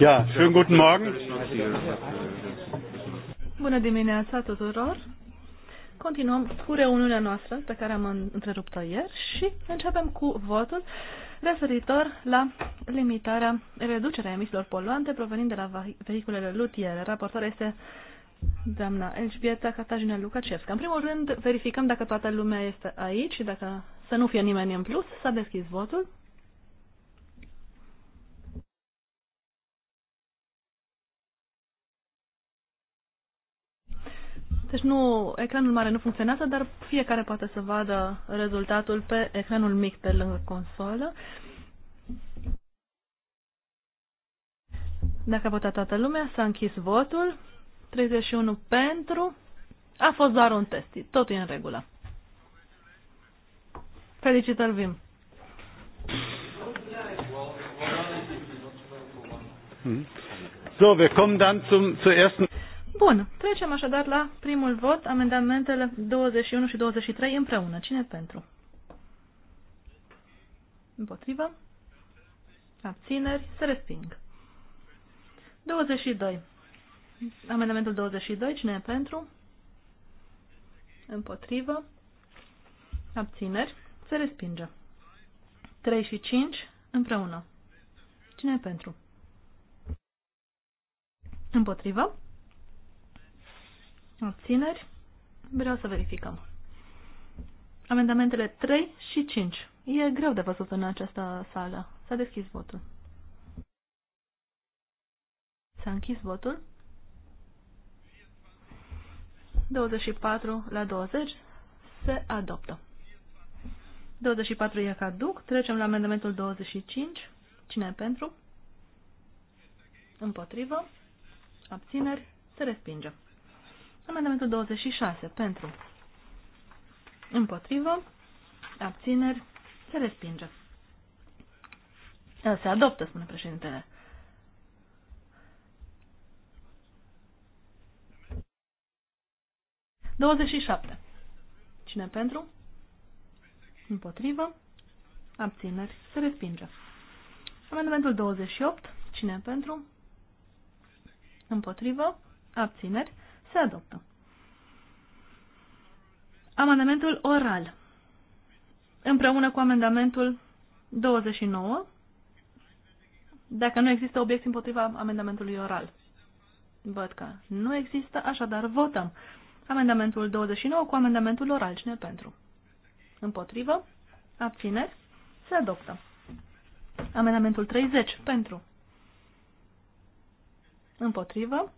Ja, schönen guten Morgen. Bună dimineața tuturor. Continuăm cu reuniunea noastră pe care am întrerupt-o ieri și începem cu votul referitor la limitarea, reducerea emisiilor poluante provenind de la vehiculele lutiere. Raportarea este doamna Elșbieta Catajina Lukaszewska. În primul rând, verificăm dacă toată lumea este aici și dacă să nu fie nimeni în plus, s-a deschis votul. Deci nu, ecranul mare nu funcționează, dar fiecare poate să vadă rezultatul pe ecranul mic pe lângă consolă. Dacă a votat toată lumea, s-a închis votul. 31 pentru. A fost doar un test. Totul e în regulă. Felicitări, Vim. Hm. So, wir kommen dann zum, zur ersten... Bun, trecem așadar la primul vot, amendamentele 21 și 23 împreună. Cine pentru? Împotrivă? Abțineri? Se resping. 22. Amendamentul 22. Cine e pentru? Împotrivă? Abțineri? Se respinge. 3 și 5 împreună. Cine e pentru? Împotrivă? Abțineri? Vreau să verificăm. Amendamentele 3 și 5. E greu de văzut în această sală. S-a deschis votul. S-a închis votul. 24 la 20 se adoptă. 24 e caduc. Trecem la amendamentul 25. Cine e pentru? Împotrivă. Abțineri. Se respinge. Amendamentul 26. Pentru. Împotrivă. Abțineri. Se respinge. Da, se adoptă, spune președintele. Douăzeci și șapte. Cine pentru? Împotrivă. Abțineri. Se respinge. Amendamentul 28. Cine pentru? Împotrivă. Abțineri. Se adoptă. Amendamentul oral. Împreună cu amendamentul 29, dacă nu există obiecții împotriva amendamentului oral. Văd că nu există, așadar votăm. Amendamentul 29 cu amendamentul oral. Cine pentru? Împotrivă? Abțineri? Se adoptă. Amendamentul 30 pentru. Împotrivă?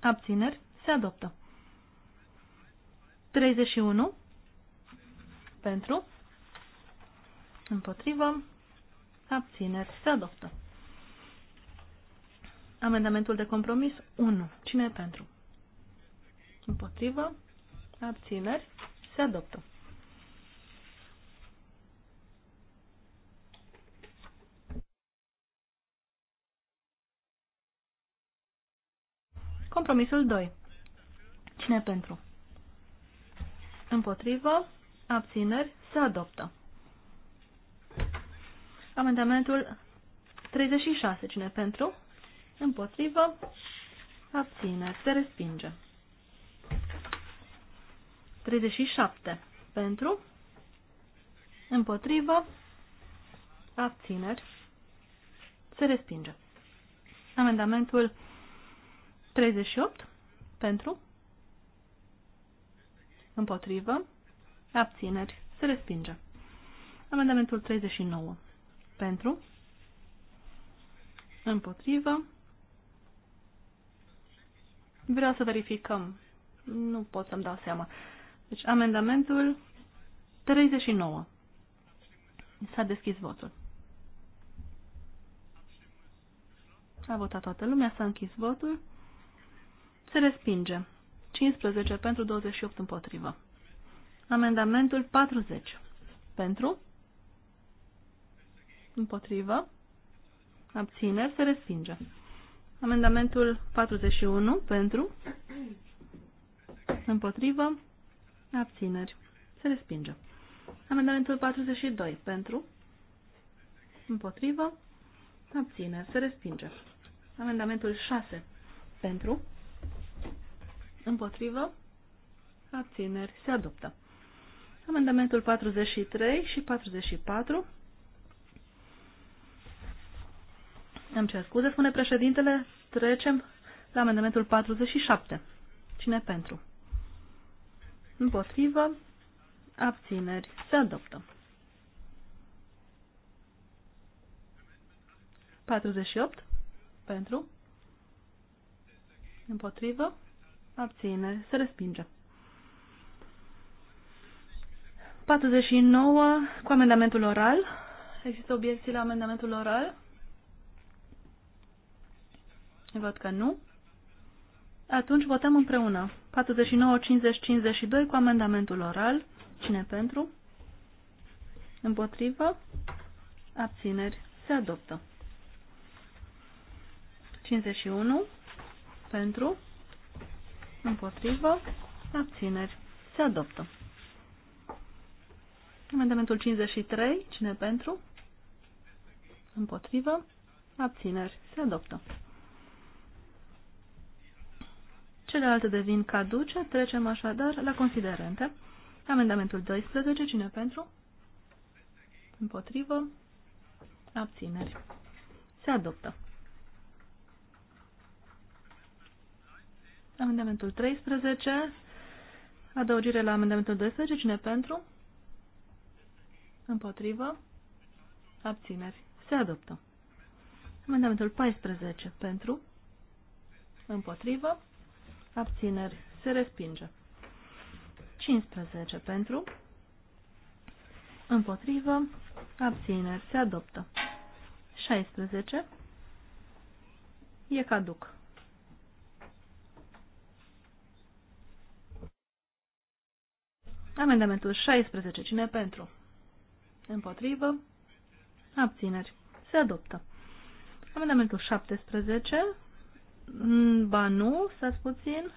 Abțineri. Se adoptă. 31. Pentru. Împotrivă. Abțineri. Se adoptă. Amendamentul de compromis 1. Cine e pentru? Împotrivă. Abțineri. Se adoptă. Compromisul 2. Cine pentru? Împotrivă, abțineri, se adoptă. Amendamentul 36. Cine pentru? Împotrivă, abțineri, se respinge. 37. Pentru, împotrivă, abțineri, se respinge. Amendamentul 38 pentru, împotrivă, abțineri, se respinge. Amendamentul 39 pentru, împotrivă, vreau să verificăm, nu pot să-mi dau seama. Deci amendamentul 39 s-a deschis votul. A votat toată lumea, s-a închis votul. Se respinge. 15 pentru 28 împotrivă. Amendamentul 40. Pentru? Împotrivă. Abțineri. Se respinge. Amendamentul 41. Pentru? Împotrivă. Abțineri. Se respinge. Amendamentul 42. Pentru? Împotrivă. Abțineri. Se respinge. Amendamentul 6. Pentru? Împotrivă? Abțineri. Se adoptă. Amendamentul 43 și 44. Îmi cer scuze, spune președintele, trecem la amendamentul 47. Cine pentru? Împotrivă? Abțineri. Se adoptă. 48. Pentru? Împotrivă? abține, se respinge. 49 cu amendamentul oral. Există obiecții la amendamentul oral? Văd că nu. Atunci votăm împreună. 49, 50, 52 cu amendamentul oral. Cine pentru? Împotrivă? Abțineri. Se adoptă. 51 pentru Împotrivă. Abțineri. Se adoptă. Amendamentul 53. Cine pentru? Împotrivă. Abțineri. Se adoptă. Celelalte devin caduce. Trecem așadar la considerente. Amendamentul 12. Cine pentru? Împotrivă. Abțineri. Se adoptă. Amendamentul 13. Adăugire la amendamentul 12. Cine pentru? Împotrivă. Abțineri. Se adoptă. Amendamentul 14. Pentru. Împotrivă. Abțineri. Se respinge. 15. Pentru. Împotrivă. Abțineri. Se adoptă. 16. E caduc. Amendamentul 16. Cine pentru? Împotrivă. Abțineri. Se adoptă. Amendamentul 17. Mm, ba nu, să puțin.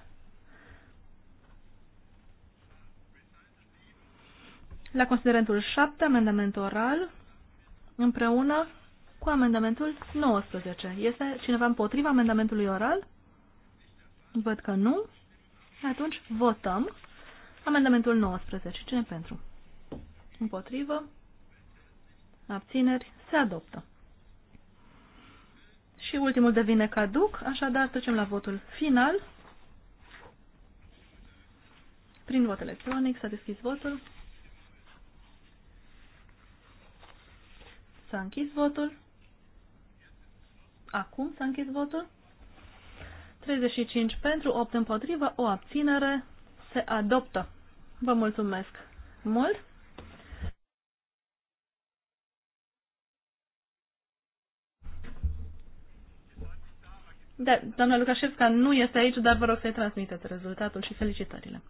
La considerentul 7, amendament oral, împreună cu amendamentul 19. Este cineva împotriva amendamentului oral? Văd că nu. Atunci votăm Amendamentul 19. Cine pentru? Împotrivă. Abțineri. Se adoptă. Și ultimul devine caduc, așadar trecem la votul final. Prin vot electronic s-a deschis votul. S-a închis votul. Acum s-a închis votul. 35 pentru, 8 împotrivă, o abținere se adoptă. Vă mulțumesc mult! Da, doamna Lucașevska nu este aici, dar vă rog să-i transmiteți rezultatul și felicitările.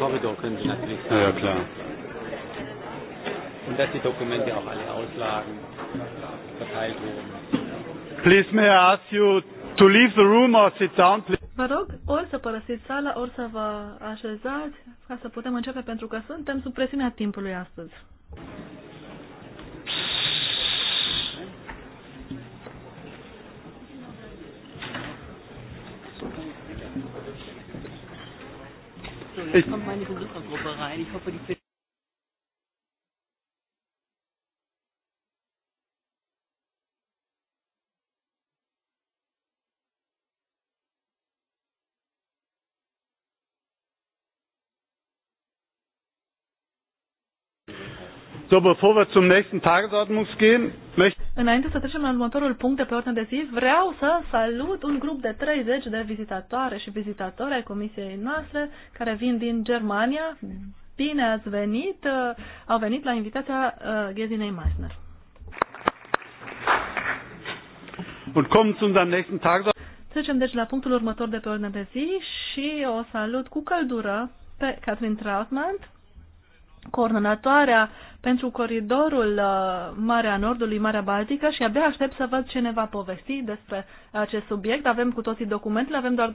Korridor können Sie da, natürlich sagen. Ja, klar. Und dass die Dokumente auch alle auslagen, verteilt wurden. Please may I ask you to leave the room or sit down, please. Vă rog, ori să părăsiți sala, ori să vă așezați, ca să putem începe, pentru că suntem sub presiunea timpului astăzi. Ich, ich, Înainte să trecem la următorul punct de pe ordine de zi, vreau să salut un grup de 30 de vizitatoare și vizitatori ai comisiei noastre care vin din Germania. Bine ați venit! Uh, au venit la invitația uh, Ghezinei Meissner. Trecem deci la punctul următor de pe ordine de zi și o salut cu căldură pe Catherine Trautmann, coordonatoarea pentru coridorul uh, Marea Nordului, Marea Baltică și abia aștept să văd ce ne va povesti despre acest subiect. Avem cu toții documentele, avem doar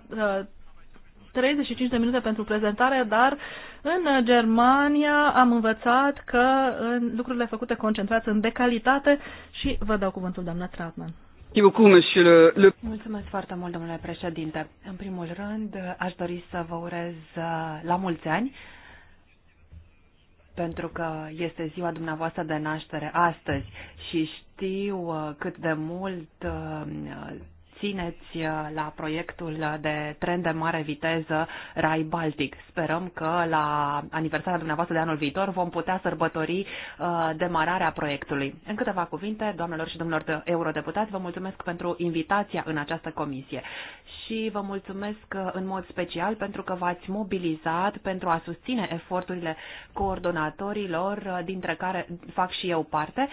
35 uh, de minute pentru prezentare, dar în Germania am învățat că în lucrurile făcute concentrați în decalitate și vă dau cuvântul, doamna Trautmann. Mulțumesc foarte mult, domnule președinte. În primul rând, aș dori să vă urez uh, la mulți ani pentru că este ziua dumneavoastră de naștere astăzi și știu uh, cât de mult uh, țineți uh, la proiectul de tren de mare viteză Rai Baltic. Sperăm că la aniversarea dumneavoastră de anul viitor vom putea sărbători uh, demararea proiectului. În câteva cuvinte, doamnelor și domnilor eurodeputați, vă mulțumesc pentru invitația în această comisie și vă mulțumesc uh, în mod special pentru că v-ați mobilizat pentru a susține eforturile coordonatorilor, dintre care fac și eu parte,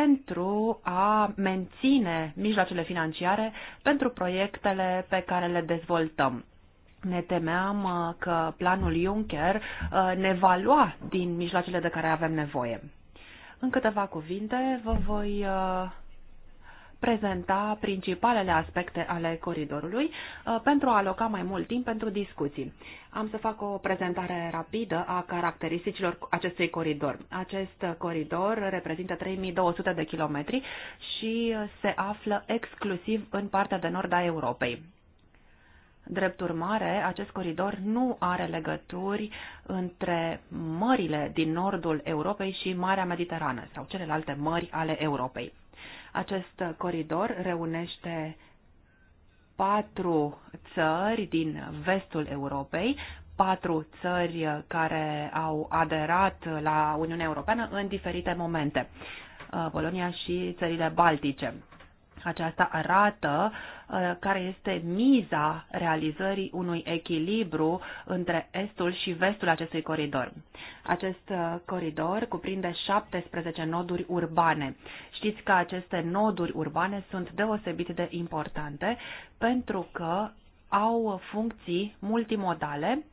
pentru a menține mijloacele financiare pentru proiectele pe care le dezvoltăm. Ne temeam uh, că planul Juncker uh, ne va lua din mijloacele de care avem nevoie. În câteva cuvinte vă voi uh, prezenta principalele aspecte ale coridorului uh, pentru a aloca mai mult timp pentru discuții. Am să fac o prezentare rapidă a caracteristicilor acestui coridor. Acest coridor reprezintă 3200 de kilometri și se află exclusiv în partea de nord a Europei. Drept urmare, acest coridor nu are legături între mările din nordul Europei și Marea Mediterană sau celelalte mări ale Europei. Acest coridor reunește patru țări din vestul Europei, patru țări care au aderat la Uniunea Europeană în diferite momente. Uh, Polonia și țările Baltice. Aceasta arată uh, care este miza realizării unui echilibru între estul și vestul acestui coridor. Acest uh, coridor cuprinde 17 noduri urbane. Știți că aceste noduri urbane sunt deosebit de importante pentru că au funcții multimodale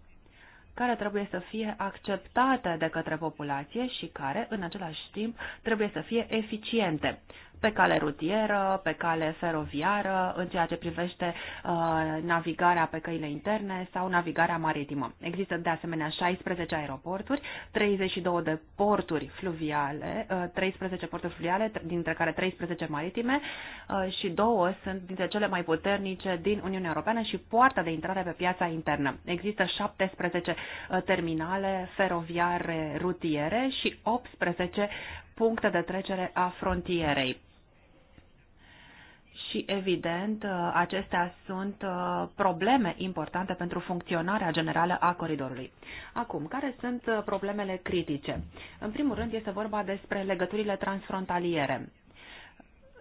care trebuie să fie acceptate de către populație și care, în același timp, trebuie să fie eficiente pe cale rutieră, pe cale feroviară, în ceea ce privește uh, navigarea pe căile interne sau navigarea maritimă. Există de asemenea 16 aeroporturi, 32 de porturi fluviale, uh, 13 porturi fluviale, dintre care 13 maritime uh, și două sunt dintre cele mai puternice din Uniunea Europeană și poarta de intrare pe piața internă. Există 17 uh, terminale feroviare rutiere și 18 puncte de trecere a frontierei și, evident, uh, acestea sunt uh, probleme importante pentru funcționarea generală a coridorului. Acum, care sunt uh, problemele critice? În primul rând, este vorba despre legăturile transfrontaliere.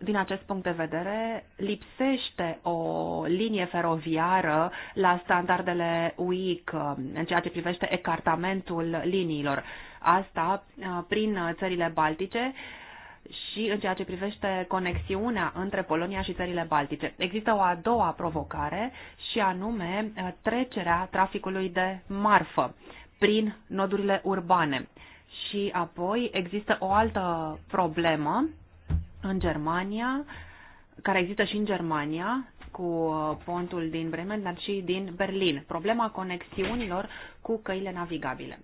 Din acest punct de vedere, lipsește o linie feroviară la standardele UIC în ceea ce privește ecartamentul liniilor. Asta prin țările baltice, și în ceea ce privește conexiunea între Polonia și țările Baltice. Există o a doua provocare și anume uh, trecerea traficului de marfă prin nodurile urbane. Și apoi există o altă problemă în Germania, care există și în Germania, cu uh, pontul din Bremen, dar și din Berlin. Problema conexiunilor cu căile navigabile.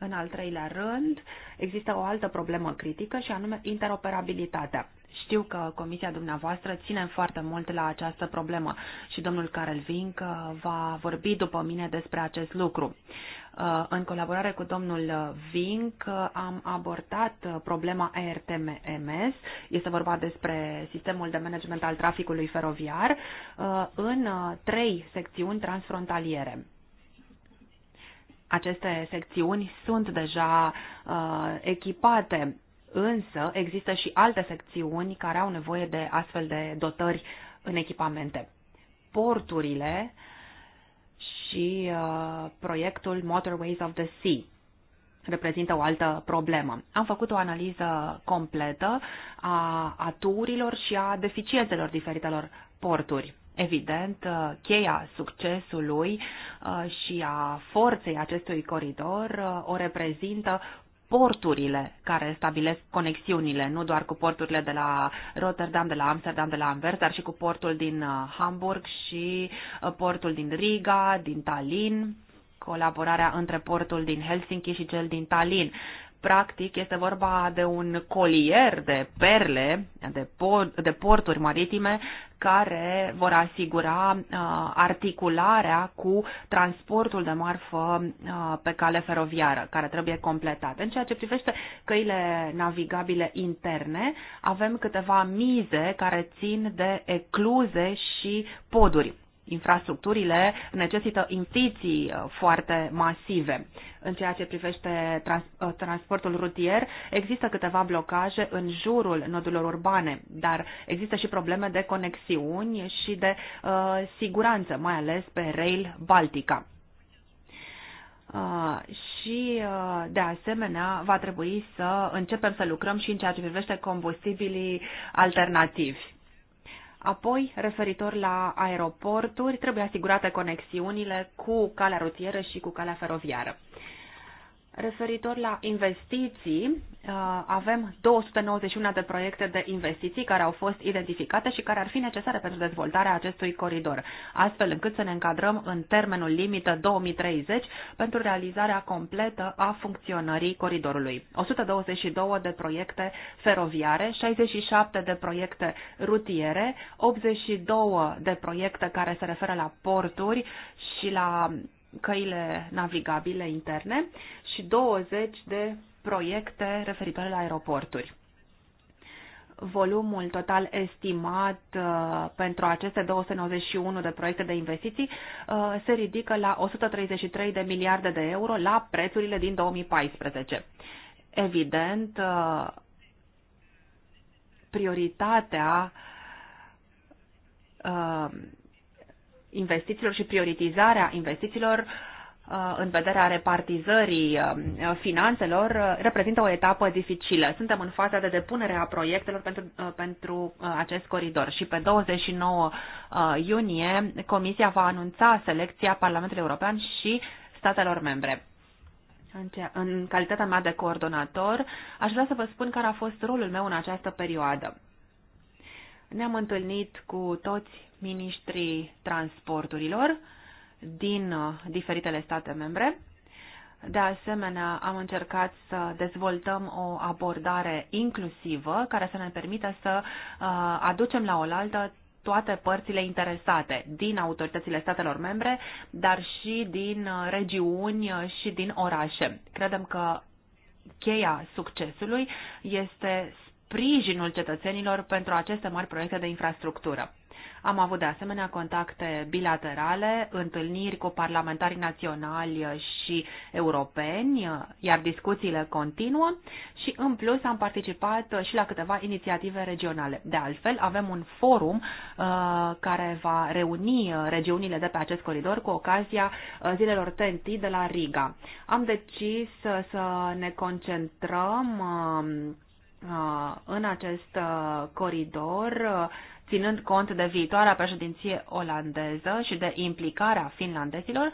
În al treilea rând, există o altă problemă critică și anume interoperabilitatea. Știu că comisia dumneavoastră ține foarte mult la această problemă și domnul Karel Vink uh, va vorbi după mine despre acest lucru. Uh, în colaborare cu domnul Vink uh, am abordat problema ERTMS, este vorba despre sistemul de management al traficului feroviar, în trei secțiuni transfrontaliere aceste secțiuni sunt deja uh, echipate, însă există și alte secțiuni care au nevoie de astfel de dotări în echipamente. Porturile și uh, proiectul Motorways of the Sea reprezintă o altă problemă. Am făcut o analiză completă a aturilor și a deficiențelor diferitelor porturi. Evident, uh, cheia succesului uh, și a forței acestui coridor uh, o reprezintă porturile care stabilesc conexiunile, nu doar cu porturile de la Rotterdam, de la Amsterdam, de la Anvers, dar și cu portul din Hamburg și portul din Riga, din Tallinn, colaborarea între portul din Helsinki și cel din Tallinn Practic, este vorba de un colier de perle, de, por- de porturi maritime, care vor asigura uh, articularea cu transportul de marfă uh, pe cale feroviară, care trebuie completat. În ceea ce privește căile navigabile interne, avem câteva mize care țin de ecluze și poduri infrastructurile necesită investiții uh, foarte masive. În ceea ce privește trans, uh, transportul rutier, există câteva blocaje în jurul nodurilor urbane, dar există și probleme de conexiuni și de uh, siguranță, mai ales pe Rail Baltica. Uh, și, uh, de asemenea, va trebui să începem să lucrăm și în ceea ce privește combustibilii alternativi Apoi, referitor la aeroporturi, trebuie asigurate conexiunile cu calea rutieră și cu calea feroviară. Referitor la investiții, uh, avem 291 de proiecte de investiții care au fost identificate și care ar fi necesare pentru dezvoltarea acestui coridor, astfel încât să ne încadrăm în termenul limită 2030 pentru realizarea completă a funcționării coridorului. 122 de proiecte feroviare, 67 de proiecte rutiere, 82 de proiecte care se referă la porturi și la căile navigabile interne, și 20 de proiecte referitoare la aeroporturi. Volumul total estimat uh, pentru aceste 291 de proiecte de investiții uh, se ridică la 133 de miliarde de euro la prețurile din 2014. Evident, uh, prioritatea investițiilor și prioritizarea investițiilor uh, Uh, în vederea repartizării uh, finanțelor uh, reprezintă o etapă dificilă. Suntem în faza de depunere a proiectelor pentru, pentru acest coridor și pe 29 iunie Comisia va anunța selecția Parlamentului European și statelor membre. În calitatea mea de coordonator, aș vrea să vă spun care a fost rolul meu în această perioadă. Ne-am întâlnit cu toți ministrii transporturilor, din uh, diferitele state membre. De asemenea, am încercat să dezvoltăm o abordare inclusivă care să ne permită să uh, aducem la oaltă toate părțile interesate din autoritățile statelor membre, dar și din uh, regiuni și din orașe. Credem că cheia succesului este sprijinul cetățenilor pentru aceste mari proiecte de infrastructură. Am avut de asemenea contacte bilaterale, întâlniri cu parlamentari naționali și europeni, iar discuțiile continuă și în plus am participat și la câteva inițiative regionale. De altfel, avem un forum uh, care va reuni regiunile de pe acest coridor cu ocazia uh, zilelor TNT de la Riga. Am decis să ne concentrăm uh, în acest coridor ținând cont de viitoarea președinție olandeză și de implicarea finlandezilor,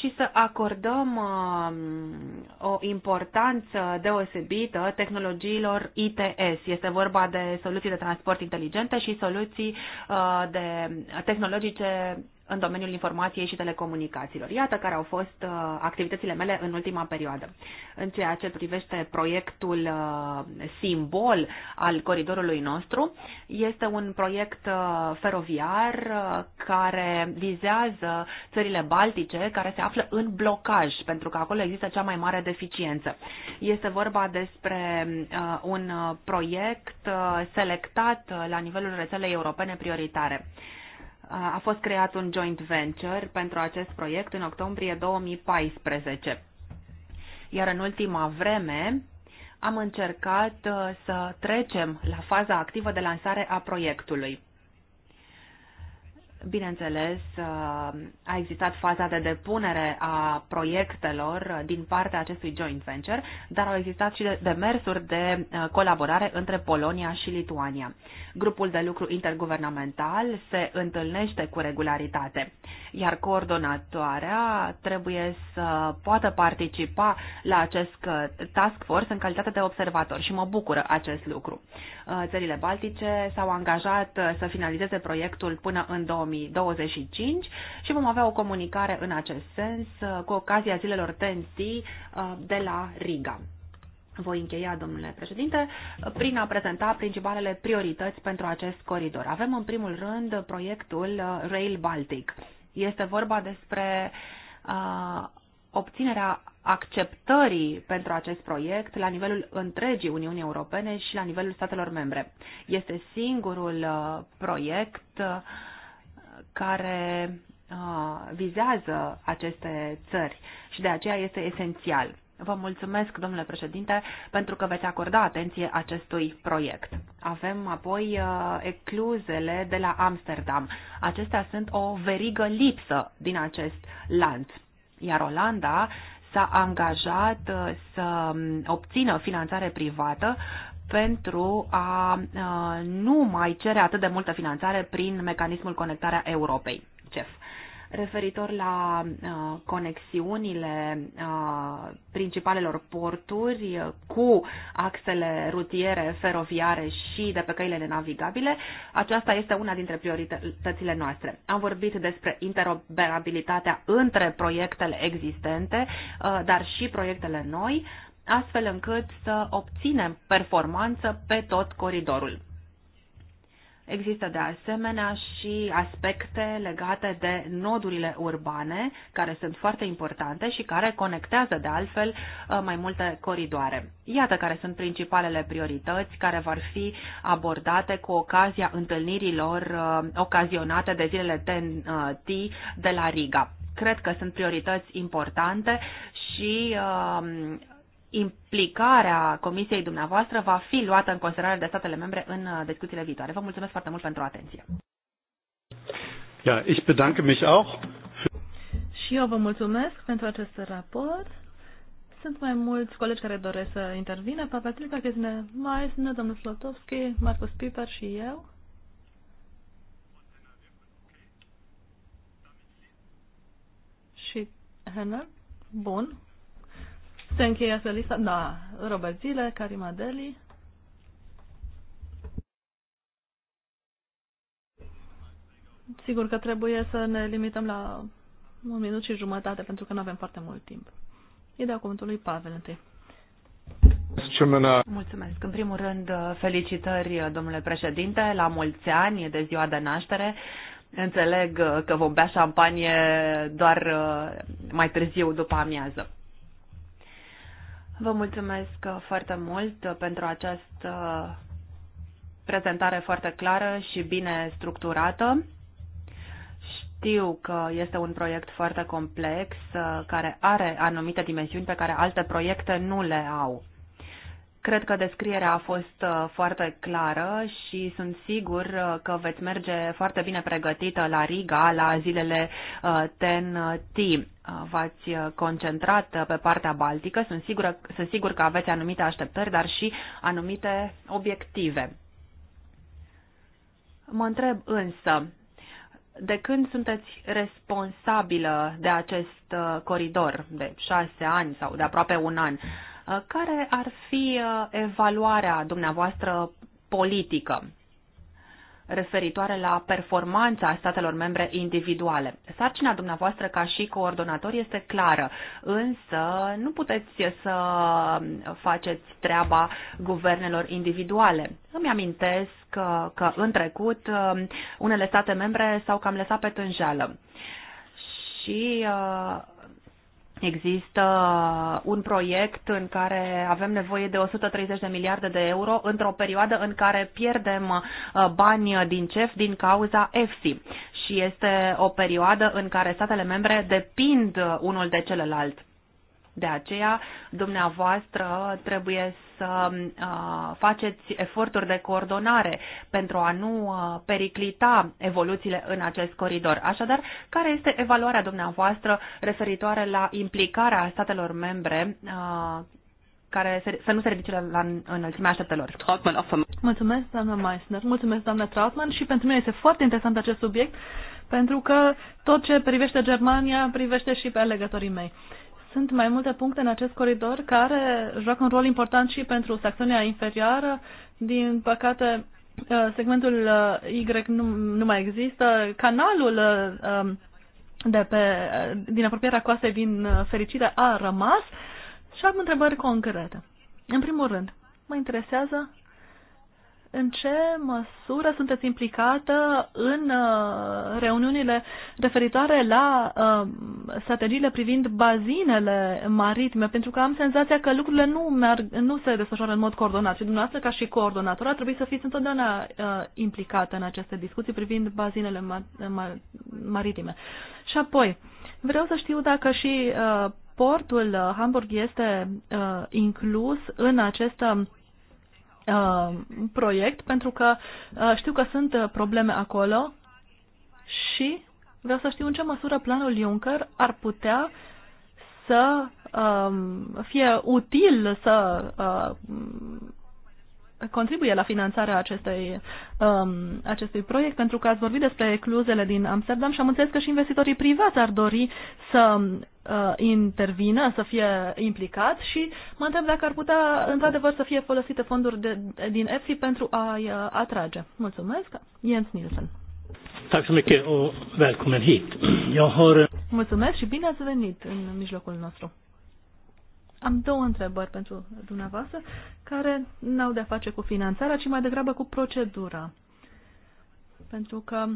și să acordăm uh, o importanță deosebită tehnologiilor ITS. Este vorba de soluții de transport inteligente și soluții uh, de tehnologice în domeniul informației și telecomunicațiilor. Iată care au fost uh, activitățile mele în ultima perioadă. În ceea ce privește proiectul uh, simbol al coridorului nostru, este un proiect uh, feroviar care vizează țările baltice care se află în blocaj, pentru că acolo există cea mai mare deficiență. Este vorba despre un proiect selectat la nivelul rețelei europene prioritare a fost creat un joint venture pentru acest proiect în octombrie 2014. Iar în ultima vreme am încercat uh, să trecem la faza activă de lansare a proiectului. Bineînțeles, uh, a existat faza de depunere a proiectelor din partea acestui joint venture, dar au existat și demersuri de uh, colaborare între Polonia și Lituania. Grupul de lucru interguvernamental se întâlnește cu regularitate, iar coordonatoarea trebuie să poată participa la acest uh, task force în calitate de observator și mă bucură acest lucru. Uh, țările baltice s-au angajat uh, să finalizeze proiectul până în 2025 și vom avea o comunicare în acest sens uh, cu ocazia zilelor TNT de la Riga. Voi încheia, domnule președinte, prin a prezenta principalele priorități pentru acest coridor. Avem, în primul rând, proiectul Rail Baltic. Este vorba despre uh, obținerea acceptării pentru acest proiect la nivelul întregii Uniunii Europene și la nivelul statelor membre. Este singurul uh, proiect uh, care uh, vizează aceste țări și de aceea este esențial. Vă mulțumesc, domnule președinte, pentru că veți acorda atenție acestui proiect. Avem apoi ecluzele de la Amsterdam. Acestea sunt o verigă lipsă din acest lanț. Iar Olanda s-a angajat uh, să um, obțină finanțare privată pentru a uh, nu mai cere atât de multă finanțare prin mecanismul conectarea Europei, CEF referitor la uh, conexiunile uh, principalelor porturi uh, cu axele rutiere, feroviare și de pe căile navigabile. Aceasta este una dintre prioritățile noastre. Am vorbit despre interoperabilitatea între proiectele existente, dar și proiectele noi, astfel încât să obținem performanță pe tot coridorul. Există de asemenea și aspecte legate de nodurile urbane, care sunt foarte importante și care conectează de altfel uh, mai multe coridoare. Iată care sunt principalele priorități care vor fi abordate cu ocazia întâlnirilor uh, ocazionate de zilele TNT de la Riga. Cred că sunt priorități importante și uh, implicarea comisiei dumneavoastră va fi luată în considerare de statele membre în uh, discuțiile viitoare. Vă mulțumesc foarte mult pentru atenție. Ja, ich bedanke mich auch. Și eu vă mulțumesc pentru acest raport. Sunt mai mulți colegi care doresc să intervină. Papa Tripa, Chesne Maisne, domnul Slotovski, Marcus Piper și eu. Și Henner. Bun. Se încheie astfel lista? Da. Robert Zile, Karima Deli. Sigur că trebuie să ne limităm la un minut și jumătate, pentru că nu avem foarte mult timp. E de cuvântul lui Pavel întâi. Mulțumesc. În primul rând, felicitări, domnule președinte, la mulți ani, e de ziua de naștere. Înțeleg că vom bea șampanie doar uh, mai târziu, după amiază. Vă mulțumesc uh, foarte mult uh, pentru această prezentare foarte clară și bine structurată. Știu că este un proiect foarte complex uh, care are anumite dimensiuni pe care alte proiecte nu le au. Cred că descrierea a fost foarte clară și sunt sigur că veți merge foarte bine pregătită la Riga la zilele TNT v-ați uh, concentrat uh, pe partea baltică. Sunt, sigură, sunt sigur că aveți anumite așteptări, dar și anumite obiective. Mă întreb însă, de când sunteți responsabilă de acest uh, coridor, de șase ani sau de aproape un an, care ar fi evaluarea dumneavoastră politică? referitoare la performanța statelor membre individuale. Sarcina dumneavoastră ca și coordonator este clară, însă nu puteți să faceți treaba guvernelor individuale. Îmi amintesc că, că în trecut um, unele state membre s-au cam lăsat pe tânjeală. Și uh, Există un proiect în care avem nevoie de 130 de miliarde de euro într-o perioadă în care pierdem uh, bani din CEF din cauza EFSI și este o perioadă în care statele membre depind unul de celălalt. De aceea, dumneavoastră trebuie să faceți eforturi de coordonare pentru a nu periclita evoluțiile în acest coridor. Așadar, care este evaluarea dumneavoastră referitoare la implicarea statelor membre care să nu se ridice la înălțimea așteptelor. mulțumesc, doamna Meissner, mulțumesc, doamna Trautmann și pentru mine este foarte interesant acest subiect pentru că tot ce privește Germania privește și pe alegătorii mei sunt mai multe puncte în acest coridor care joacă un rol important și pentru Saxonia inferioară. Din păcate, uh, segmentul uh, Y nu, nu mai există. Canalul uh, um, de pe, din apropierea coastei din fericire a rămas și am întrebări concrete. În primul rând, mă interesează în ce măsură sunteți implicată în uh, reuniunile referitoare la uh, strategiile privind bazinele maritime? Pentru că am senzația că lucrurile nu, merg, nu se desfășoară în mod coordonat și dumneavoastră, ca și coordonator, ar trebui să fiți întotdeauna uh, implicată în aceste discuții privind bazinele maritime. Și apoi, vreau să știu dacă și portul Hamburg este inclus în această Uh, proiect, pentru că uh, știu că sunt uh, probleme acolo și vreau să știu în ce măsură planul Juncker ar putea să um, fie util, să uh, contribuie la finanțarea acestei, um, acestui proiect, pentru că ați vorbit despre cluzele din Amsterdam și am înțeles că și investitorii privați ar dori să uh, intervină, să fie implicați și mă întreb dacă ar putea, într-adevăr, să fie folosite fonduri de, din EFSI pentru a-i uh, atrage. Mulțumesc, Jens Nielsen. Mulțumesc și bine ați venit în mijlocul nostru. Am două întrebări pentru dumneavoastră, care n-au de-a face cu finanțarea, ci mai degrabă cu procedura. Pentru că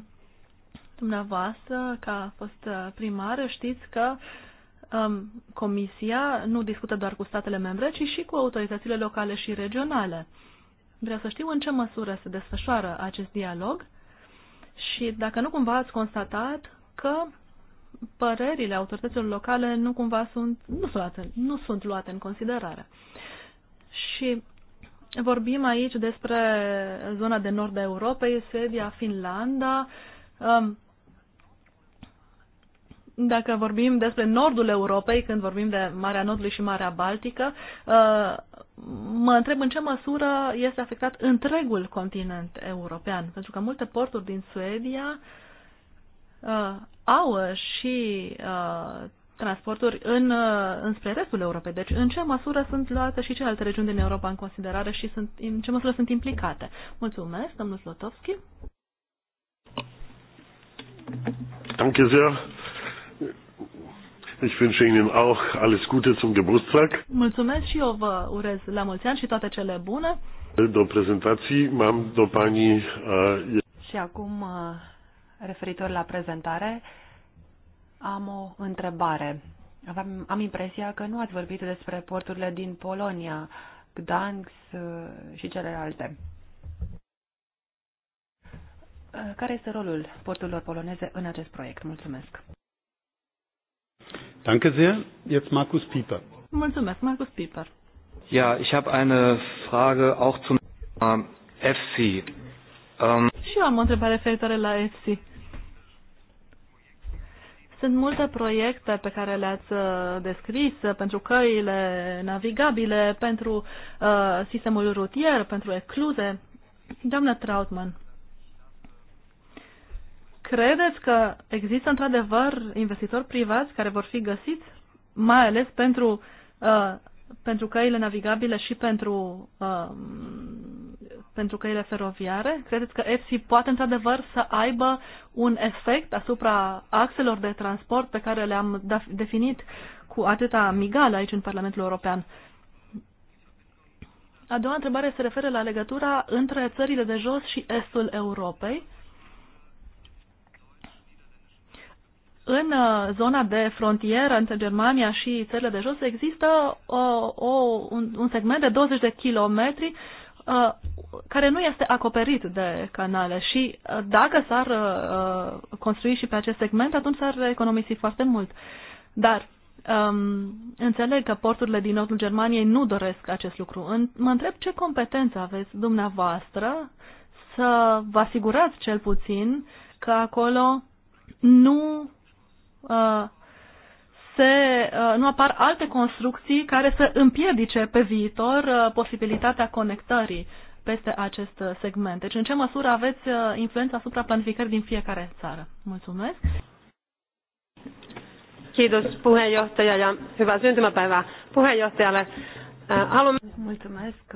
dumneavoastră, ca fost uh, primară, știți că um, Comisia nu discută doar cu statele membre, ci și cu autoritățile locale și regionale. Vreau să știu în ce măsură se desfășoară acest dialog și dacă nu cumva ați constatat că părerile autorităților locale nu cumva sunt, nu sunt, luate, nu sunt luate în considerare. Și vorbim aici despre zona de nord a Europei, Suedia, Finlanda. Um, dacă vorbim despre nordul Europei, când vorbim de Marea Nordului și Marea Baltică, uh, mă întreb în ce măsură este afectat întregul continent european, pentru că multe porturi din Suedia uh, uh, au și uh, transporturi în, uh, înspre restul Europei. Deci în ce măsură sunt luate și celelalte regiuni din Europa în considerare și sunt, în ce măsură sunt implicate? Mulțumesc, domnul Slotovski. Danke sehr. Ich wünsche Ihnen auch alles Gute zum Geburtstag. Mulțumesc și eu vă urez la mulți ani și toate cele bune. Do prezentații am do pani... Uh, și acum uh, referitor la prezentare, am o întrebare. Aveam, am impresia că nu ați vorbit despre porturile din Polonia, Gdansk uh, și celelalte. Uh, care este rolul porturilor poloneze în acest proiect? Mulțumesc. Danke sehr. Jetzt Markus Pieper. Mulțumesc, Markus Pieper. Ja, ich habe eine Frage auch zum FC. Um... Ähm, și eu am o întrebare referitoare la FC. Sunt multe proiecte pe care le-ați uh, descris uh, pentru căile navigabile, pentru uh, sistemul rutier, pentru ecluze. Doamna Trautmann, credeți că există într-adevăr investitori privați care vor fi găsiți, mai ales pentru, uh, pentru căile navigabile și pentru uh, pentru căile feroviare? Credeți că EFSI poate într-adevăr să aibă un efect asupra axelor de transport pe care le-am definit cu atâta migală aici în Parlamentul European? A doua întrebare se referă la legătura între țările de jos și estul Europei. În uh, zona de frontieră între Germania și țările de jos există o, uh, o, un, un segment de 20 de kilometri Uh, care nu este acoperit de canale și uh, dacă s-ar uh, construi și pe acest segment, atunci s-ar economisi foarte mult. Dar um, înțeleg că porturile din nordul Germaniei nu doresc acest lucru. În, mă întreb ce competență aveți dumneavoastră să vă asigurați cel puțin că acolo nu uh, se, uh, nu apar alte construcții care să împiedice pe viitor uh, posibilitatea conectării peste acest uh, segment. Deci în ce măsură aveți influența asupra planificării din fiecare țară? Mulțumesc! Kiitos puheenjohtaja ja hyvää syntymäpäivää puheenjohtajalle. Äh, haluan... Mulțumesc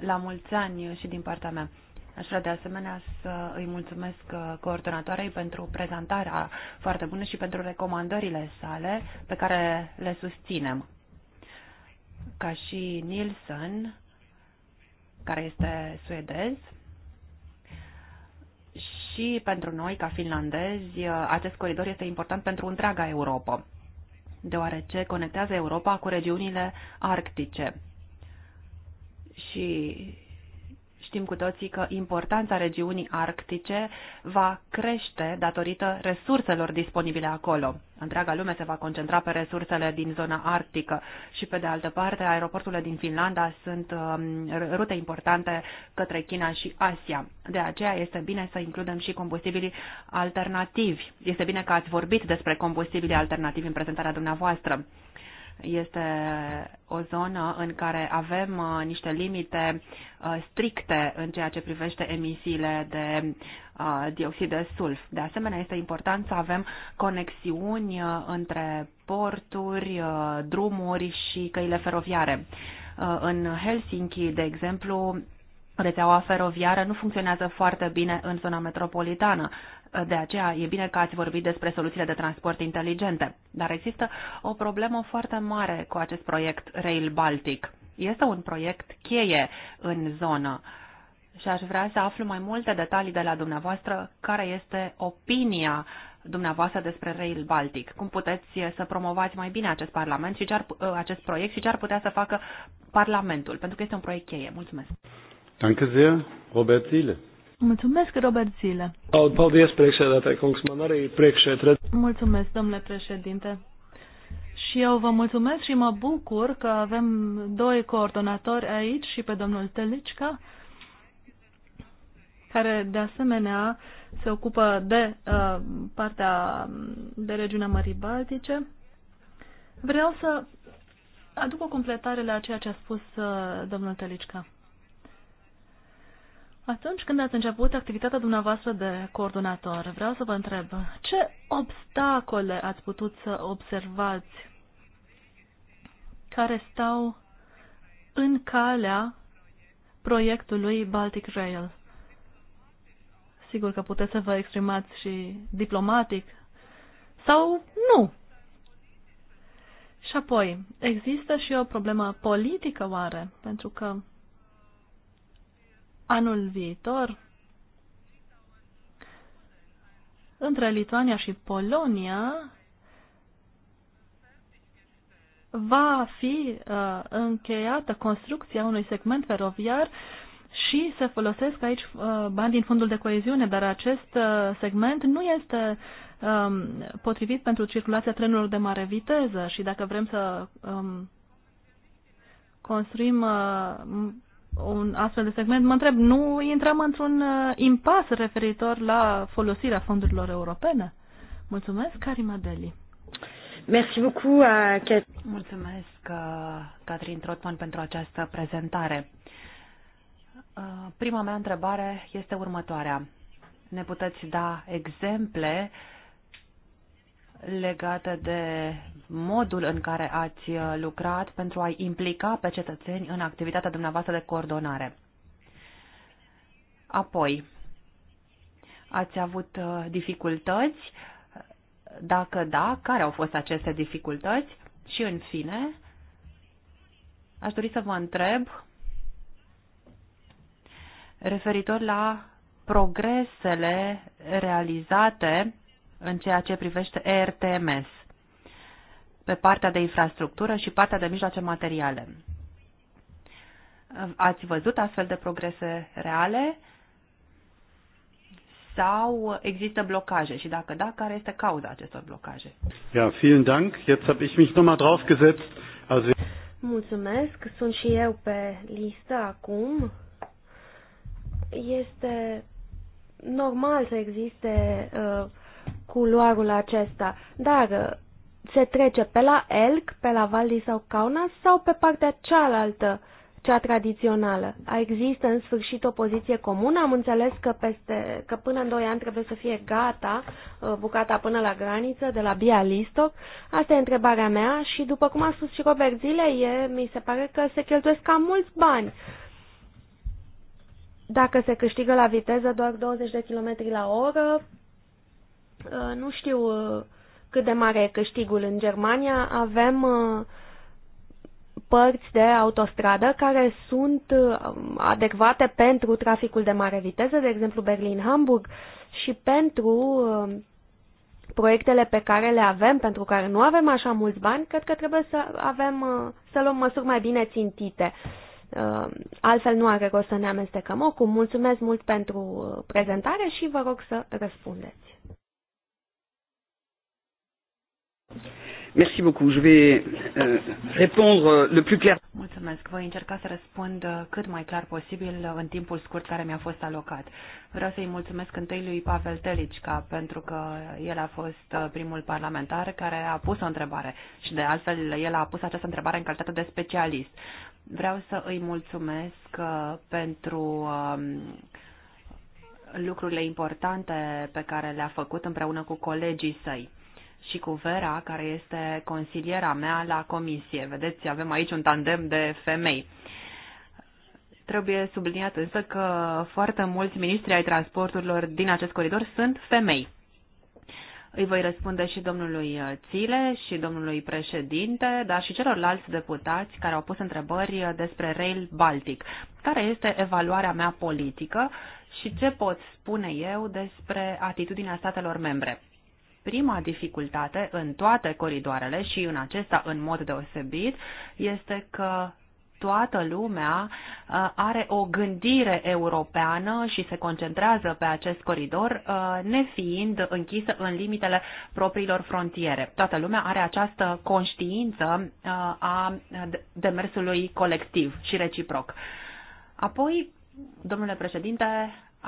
la mulți ani și din partea mea. Aș vrea de asemenea să îi mulțumesc uh, coordonatoarei pentru prezentarea foarte bună și pentru recomandările sale pe care le susținem. Ca și Nielsen, care este suedez, și pentru noi, ca finlandezi, uh, acest coridor este important pentru întreaga Europa, deoarece conectează Europa cu regiunile arctice. Și Știm cu toții că importanța regiunii arctice va crește datorită resurselor disponibile acolo. Întreaga lume se va concentra pe resursele din zona arctică și, pe de altă parte, aeroporturile din Finlanda sunt um, rute importante către China și Asia. De aceea este bine să includem și combustibilii alternativi. Este bine că ați vorbit despre combustibilii alternativi în prezentarea dumneavoastră. Este o zonă în care avem uh, niște limite uh, stricte în ceea ce privește emisiile de uh, dioxid de sulf. De asemenea, este important să avem conexiuni între porturi, drumuri și căile feroviare. În Helsinki, de exemplu, rețeaua feroviară nu funcționează foarte bine în zona metropolitană. De aceea e bine că ați vorbit despre soluțiile de transport inteligente. Dar există o problemă foarte mare cu acest proiect Rail Baltic. Este un proiect cheie în zonă și aș vrea să aflu mai multe detalii de la dumneavoastră care este opinia dumneavoastră despre Rail Baltic. Cum puteți să promovați mai bine acest, parlament și ce ar, ă, acest proiect și ce ar putea să facă Parlamentul, pentru că este un proiect cheie. Mulțumesc! Danke sehr, Robert Ziele. Mulțumesc, Robert Zile. Paldies, președinte, kungs, arī președinte. Mulțumesc, domnule președinte. Și eu vă mulțumesc și mă bucur că avem doi coordonatori aici și pe domnul Telicca, care de asemenea se ocupă de uh, partea de regiunea Mării Baltice. Vreau să aduc o completare la ceea ce a spus uh, domnul Telicca. Atunci când ați început activitatea dumneavoastră de coordonator, vreau să vă întreb, ce obstacole ați putut să observați care stau în calea proiectului Baltic Rail? Sigur că puteți să vă exprimați și diplomatic sau nu. Și apoi, există și o problemă politică oare? Pentru că anul viitor, între Lituania și Polonia, va fi uh, încheiată construcția unui segment feroviar și se folosesc aici uh, bani din fondul de coeziune, dar acest uh, segment nu este um, potrivit pentru circulația trenurilor de mare viteză și dacă vrem să um, construim uh, un astfel de segment, mă întreb, nu intrăm într-un uh, impas referitor la folosirea fondurilor europene? Mulțumesc, Karima Deli. Merci beaucoup, uh, Cat. Mulțumesc, uh, Catherine Trotman, pentru această prezentare. Uh, prima mea întrebare este următoarea. Ne puteți da exemple uh, legate de modul în care ați uh, lucrat pentru a implica pe cetățeni în activitatea dumneavoastră de coordonare. Apoi, ați avut uh, dificultăți? Dacă da, care au fost aceste dificultăți? Și în fine, aș dori să vă întreb referitor la progresele realizate în ceea ce privește ERTMS, pe partea de infrastructură și partea de mijloace materiale. Ați văzut astfel de progrese reale sau există blocaje și dacă da, care este cauza acestor blocaje? Ja, vielen Dank. Jetzt habe ich mich nochmal draufgesetzt. Also... Mulțumesc. Sunt și eu pe listă acum. Este normal să existe uh, culoarul acesta, dar uh, se trece pe la Elk, pe la Valdi sau Cauna sau pe partea cealaltă, cea tradițională. Există în sfârșit o poziție comună, am înțeles că, peste, că până în 2 ani trebuie să fie gata uh, bucata până la graniță, de la Bialistoc. Asta e întrebarea mea și după cum a spus și Robert Zile, e, mi se pare că se cheltuiesc cam mulți bani. Dacă se câștigă la viteză doar 20 de km la oră, Uh, nu știu uh, cât de mare e câștigul în Germania, avem uh, părți de autostradă care sunt adecvate pentru traficul de mare viteză, de exemplu Berlin-Hamburg, și pentru proiectele pe care le avem, pentru care nu avem așa mulți bani, cred că trebuie să avem, să luăm măsuri mai bine țintite. Altfel nu are rost să ne amestecăm. Oricum, mulțumesc mult pentru prezentare și vă rog să răspundeți. Merci beaucoup. Je vais euh, répondre euh, le plus clair. Mulțumesc. Voi încerca să răspund uh, cât mai clar posibil uh, în timpul scurt care mi-a fost alocat. Vreau să-i mulțumesc întâi lui Pavel Telicca pentru că el a fost uh, primul parlamentar care a pus o întrebare și de altfel el a pus această întrebare în calitate de specialist. Vreau să îi mulțumesc pentru um, lucrurile importante pe care le-a făcut împreună cu colegii săi și cu Vera, care este consiliera mea la comisie. Vedeți, avem aici un tandem de femei. Trebuie subliniat însă că foarte mulți ministri ai transporturilor din acest coridor sunt femei. Îi voi răspunde și domnului Țile și domnului președinte, dar și celorlalți deputați care au pus întrebări despre Rail Baltic. Care este evaluarea mea politică și ce pot spune eu despre atitudinea statelor membre? prima dificultate în toate coridoarele și în acesta în mod deosebit este că toată lumea uh, are o gândire europeană și se concentrează pe acest coridor, uh, nefiind închisă în limitele propriilor frontiere. Toată lumea are această conștiință uh, a demersului colectiv și reciproc. Apoi, domnule președinte,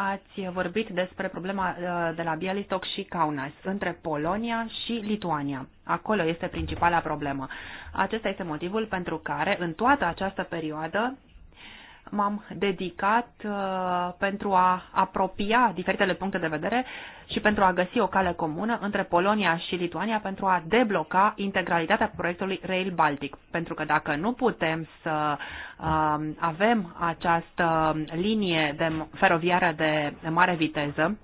ați vorbit despre problema uh, de la Bialystok și Kaunas, între Polonia și Lituania. Acolo este principala problemă. Acesta este motivul pentru care, în toată această perioadă, m-am dedicat uh, pentru a apropia diferitele puncte de vedere și pentru a găsi o cale comună între Polonia și Lituania pentru a debloca integralitatea proiectului Rail Baltic. Pentru că dacă nu putem să uh, avem această linie de feroviară de mare viteză,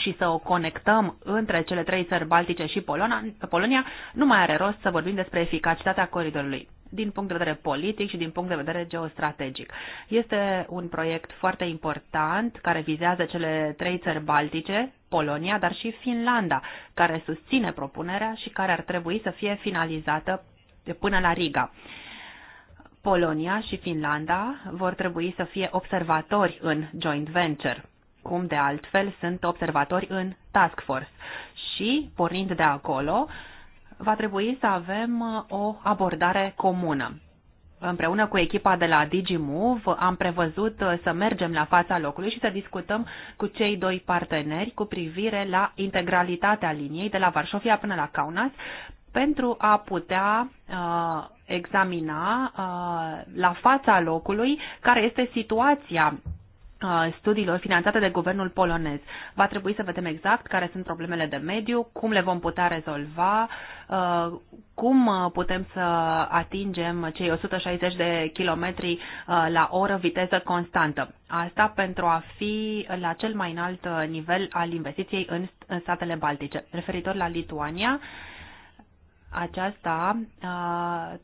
și să o conectăm între cele trei țări baltice și Polonia, Polonia, nu mai are rost să vorbim despre eficacitatea coridorului din punct de vedere politic și din punct de vedere geostrategic. Este un proiect foarte important care vizează cele trei țări baltice, Polonia, dar și Finlanda, care susține propunerea și care ar trebui să fie finalizată până la Riga. Polonia și Finlanda vor trebui să fie observatori în joint venture, cum de altfel sunt observatori în task force. Și, pornind de acolo, va trebui să avem uh, o abordare comună. Împreună cu echipa de la DigiMove am prevăzut uh, să mergem la fața locului și să discutăm cu cei doi parteneri cu privire la integralitatea liniei de la Varșovia până la Kaunas pentru a putea uh, examina uh, la fața locului care este situația studiilor finanțate de guvernul polonez. Va trebui să vedem exact care sunt problemele de mediu, cum le vom putea rezolva, uh, cum uh, putem să atingem cei 160 de kilometri uh, la oră viteză constantă. Asta pentru a fi la cel mai înalt nivel al investiției în statele baltice. Referitor la Lituania, aceasta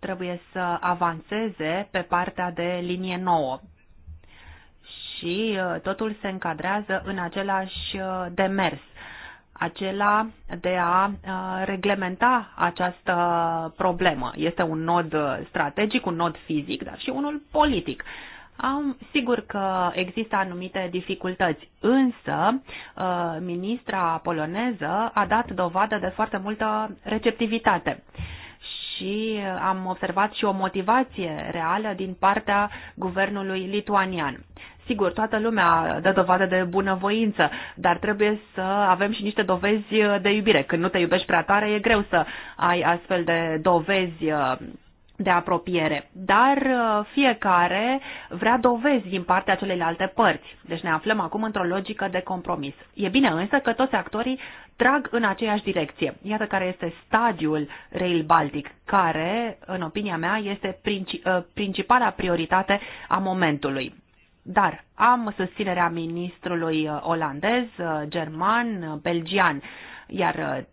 trebuie să avanseze pe partea de linie nouă și uh, totul se încadrează în același uh, demers acela de a uh, reglementa această problemă. Este un nod strategic, un nod fizic, dar și unul politic. Am, sigur că există anumite dificultăți, însă ministra poloneză a dat dovadă de foarte multă receptivitate și am observat și o motivație reală din partea guvernului lituanian. Sigur, toată lumea dă dovadă de bunăvoință, dar trebuie să avem și niște dovezi de iubire. Când nu te iubești prea tare, e greu să ai astfel de dovezi uh, de apropiere, dar uh, fiecare vrea dovezi din partea celeilalte părți. Deci ne aflăm acum într-o logică de compromis. E bine însă că toți actorii trag în aceeași direcție. Iată care este stadiul Rail Baltic, care, în opinia mea, este uh, principala prioritate a momentului. Dar am susținerea ministrului uh, olandez, uh, german, uh, belgian, iar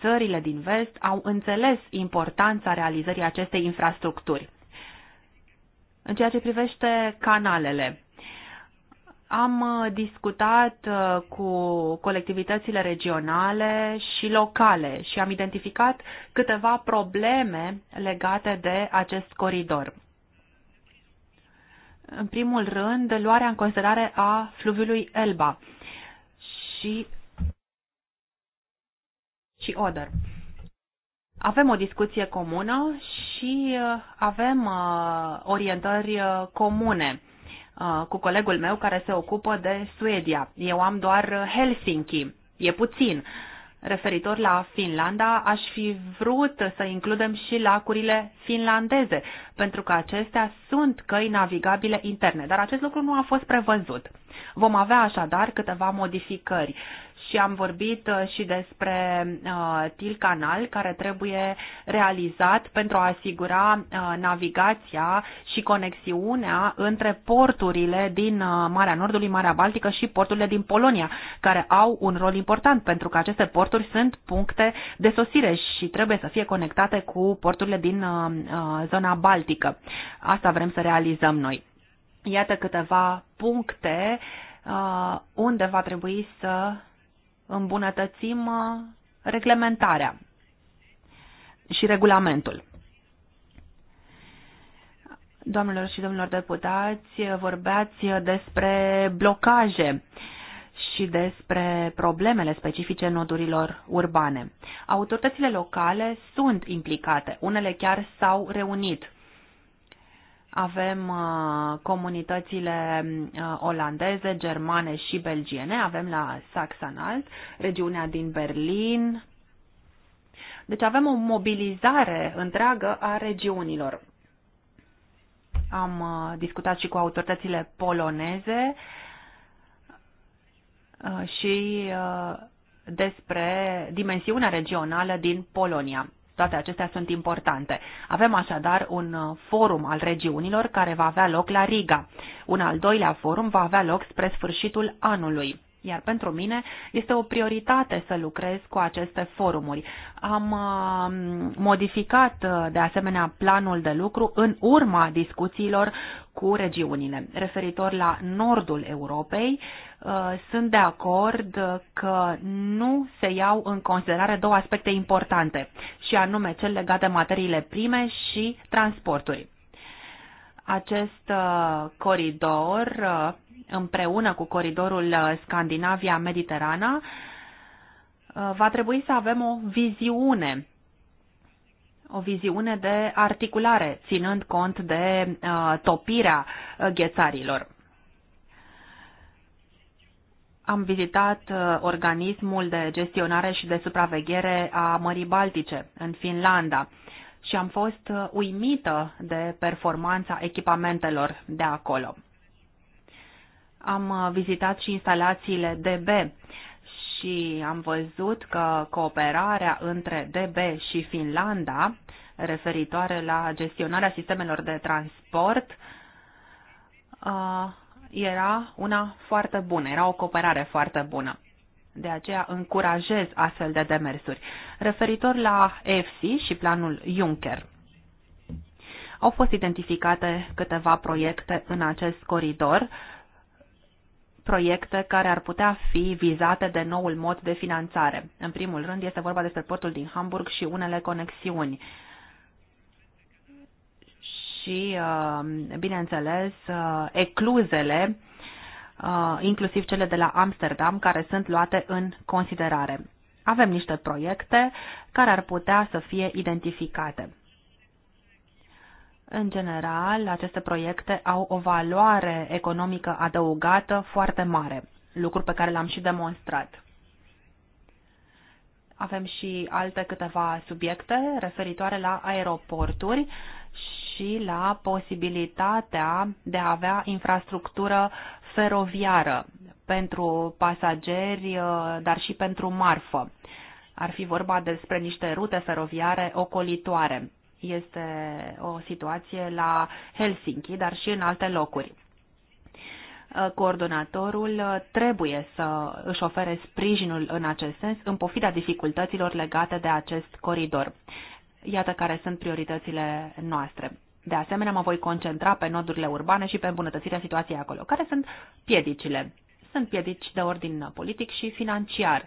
țările din vest au înțeles importanța realizării acestei infrastructuri. În ceea ce privește canalele, am discutat cu colectivitățile regionale și locale și am identificat câteva probleme legate de acest coridor în primul rând, luarea în considerare a fluviului Elba și, și Oder. Avem o discuție comună și uh, avem uh, orientări uh, comune cu colegul meu care se ocupă de Suedia. Eu am doar Helsinki, e puțin referitor la Finlanda, aș fi vrut să includem și lacurile finlandeze, pentru că acestea sunt căi navigabile interne, dar acest lucru nu a fost prevăzut. Vom avea așadar câteva modificări și am vorbit uh, și despre uh, TIL canal care trebuie realizat pentru a asigura uh, navigația și conexiunea între porturile din Marea Nordului, Marea Baltică și porturile din Polonia, care au un rol important pentru că aceste porturi sunt puncte de sosire și trebuie să fie conectate cu porturile din zona Baltică. Asta vrem să realizăm noi. Iată câteva puncte uh, unde va trebui să îmbunătățim uh, reglementarea și regulamentul. Doamnelor și domnilor deputați, vorbeați despre blocaje și despre problemele specifice nodurilor urbane. Autoritățile locale sunt implicate, unele chiar s-au reunit avem uh, comunitățile uh, olandeze, germane și belgiene, avem la Saxanalt, regiunea din Berlin. Deci avem o mobilizare întreagă a regiunilor. Am uh, discutat și cu autoritățile poloneze și despre dimensiunea regională din Polonia. Toate acestea sunt importante. Avem așadar un uh, forum al regiunilor care va avea loc la Riga. Un al doilea forum va avea loc spre sfârșitul anului. Iar pentru mine este o prioritate să lucrez cu aceste forumuri. Am uh, modificat uh, de asemenea planul de lucru în urma discuțiilor cu regiunile. Referitor la nordul Europei, uh, sunt de acord că nu se iau în considerare două aspecte importante, și anume cel legat de materiile prime și transporturi. Acest coridor împreună cu coridorul uh, Scandinavia-Mediterana, uh, va trebui să avem o viziune, o viziune de articulare, ținând cont de uh, topirea ghețarilor. Am vizitat organismul de gestionare și de supraveghere a Mării Baltice în Finlanda și am fost uimită de performanța echipamentelor de acolo am uh, vizitat și instalațiile DB și am văzut că cooperarea între DB și Finlanda referitoare la gestionarea sistemelor de transport uh, era una foarte bună, era o cooperare foarte bună. De aceea încurajez astfel de demersuri. Referitor la EFSI și planul Juncker, au fost identificate câteva proiecte în acest coridor proiecte care ar putea fi vizate de noul mod de finanțare. În primul rând este vorba despre portul din Hamburg și unele conexiuni. Și, uh, bineînțeles, uh, ecluzele, uh, inclusiv cele de la Amsterdam, care sunt luate în considerare. Avem niște proiecte care ar putea să fie identificate. În general, aceste proiecte au o valoare economică adăugată foarte mare, lucru pe care l-am și demonstrat. Avem și alte câteva subiecte referitoare la aeroporturi și la posibilitatea de a avea infrastructură feroviară pentru pasageri, uh, dar și pentru marfă. Ar fi vorba despre niște rute feroviare ocolitoare. Este o situație la Helsinki, dar și în alte locuri. Uh, coordonatorul uh, trebuie să își ofere sprijinul în acest sens, în pofida dificultăților legate de acest coridor. Iată care sunt prioritățile noastre. De asemenea, mă voi concentra pe nodurile urbane și pe îmbunătățirea situației acolo. Care sunt piedicile? Sunt piedici de ordin politic și financiar.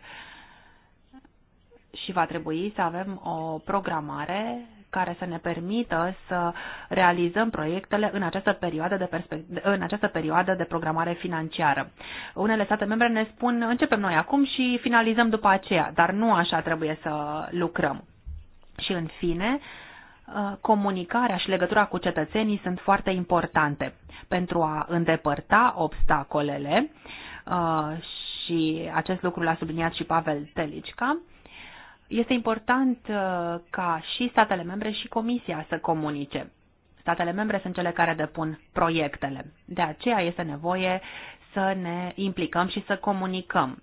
Și va trebui să avem o programare care să ne permită să realizăm proiectele în această perioadă de, în această perioadă de programare financiară. Unele state membre ne spun începem noi acum și finalizăm după aceea, dar nu așa trebuie să lucrăm. Și în fine, uh, comunicarea și legătura cu cetățenii sunt foarte importante pentru a îndepărta obstacolele uh, și acest lucru l-a subliniat și Pavel Telicca este important uh, ca și statele membre și Comisia să comunice. Statele membre sunt cele care depun proiectele. De aceea este nevoie să ne implicăm și să comunicăm.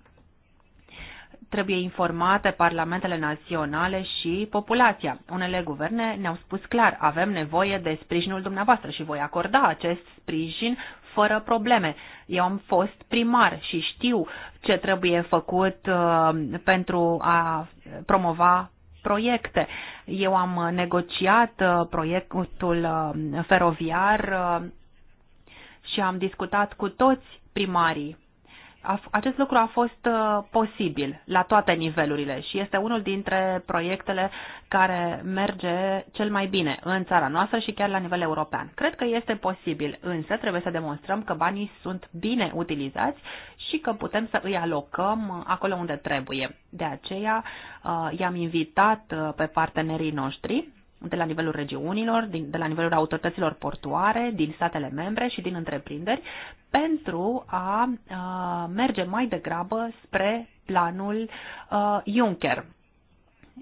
Trebuie informate parlamentele naționale și populația. Unele guverne ne-au spus clar, avem nevoie de sprijinul dumneavoastră și voi acorda acest sprijin fără probleme. Eu am fost primar și știu ce trebuie făcut uh, pentru a promova proiecte. Eu am negociat uh, proiectul uh, feroviar și am discutat cu toți primarii acest lucru a fost uh, posibil la toate nivelurile și este unul dintre proiectele care merge cel mai bine în țara noastră și chiar la nivel european. Cred că este posibil, însă trebuie să demonstrăm că banii sunt bine utilizați și că putem să îi alocăm acolo unde trebuie. De aceea uh, i-am invitat uh, pe partenerii noștri de la nivelul regiunilor, din, de la nivelul autorităților portoare, din statele membre și din întreprinderi, pentru a, a merge mai degrabă spre planul a, Juncker.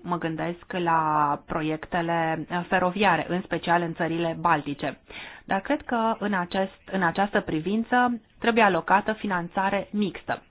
Mă gândesc la proiectele feroviare, în special în țările baltice. Dar cred că în, acest, în această privință trebuie alocată finanțare mixtă.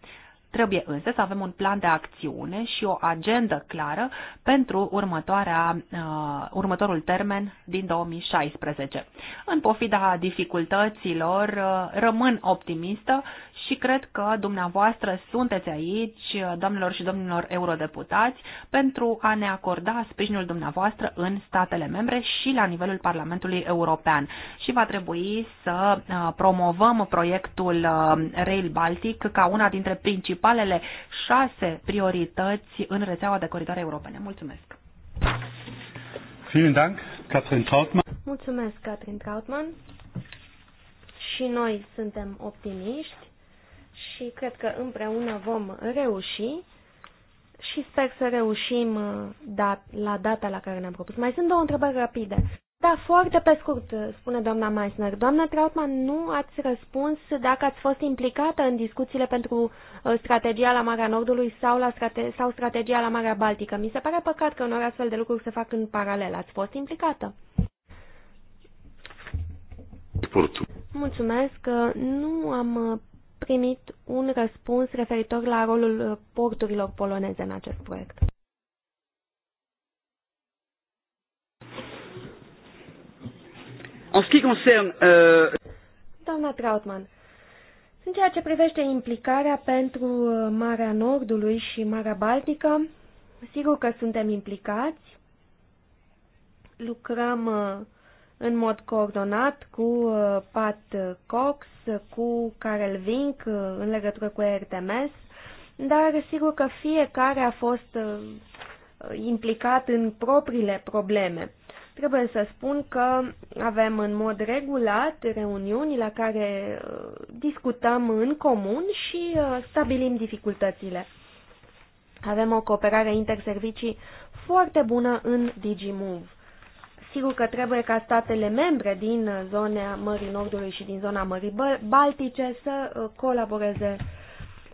Trebuie însă să avem un plan de acțiune și o agendă clară pentru următoarea, uh, următorul termen din 2016. În pofida dificultăților, uh, rămân optimistă și cred că dumneavoastră sunteți aici, doamnelor și domnilor eurodeputați, pentru a ne acorda sprijinul dumneavoastră în statele membre și la nivelul Parlamentului European. Și va trebui să uh, promovăm proiectul uh, Rail Baltic ca una dintre principalele șase priorități în rețeaua de coridoare europene. Mulțumesc! Katrin Mulțumesc, Katrin Trautmann. Și noi suntem optimiști și cred că împreună vom reuși și sper să reușim uh, dat, la data la care ne-am propus. Mai sunt două întrebări rapide. Da, foarte pe scurt, uh, spune doamna Meissner. Doamna Trautmann, nu ați răspuns dacă ați fost implicată în discuțiile pentru uh, strategia la Marea Nordului sau, la strate sau strategia la Marea Baltică. Mi se pare păcat că unor astfel de lucruri se fac în paralel. Ați fost implicată? Mulțumesc. Nu am primit un răspuns referitor la rolul porturilor poloneze în acest proiect. Euh, Doamna Trautmann, în ceea ce privește implicarea pentru uh, Marea Nordului și Marea Baltică, sigur că suntem implicați. Lucrăm uh, în mod coordonat cu uh, Pat Cox, cu Karel Vink uh, în legătură cu RTMS, dar sigur că fiecare a fost uh, implicat în propriile probleme. Trebuie să spun că avem în mod regulat reuniuni la care discutăm în comun și stabilim dificultățile. Avem o cooperare interservicii foarte bună în DigiMove. Sigur că trebuie ca statele membre din zona Mării Nordului și din zona Mării Baltice să uh, colaboreze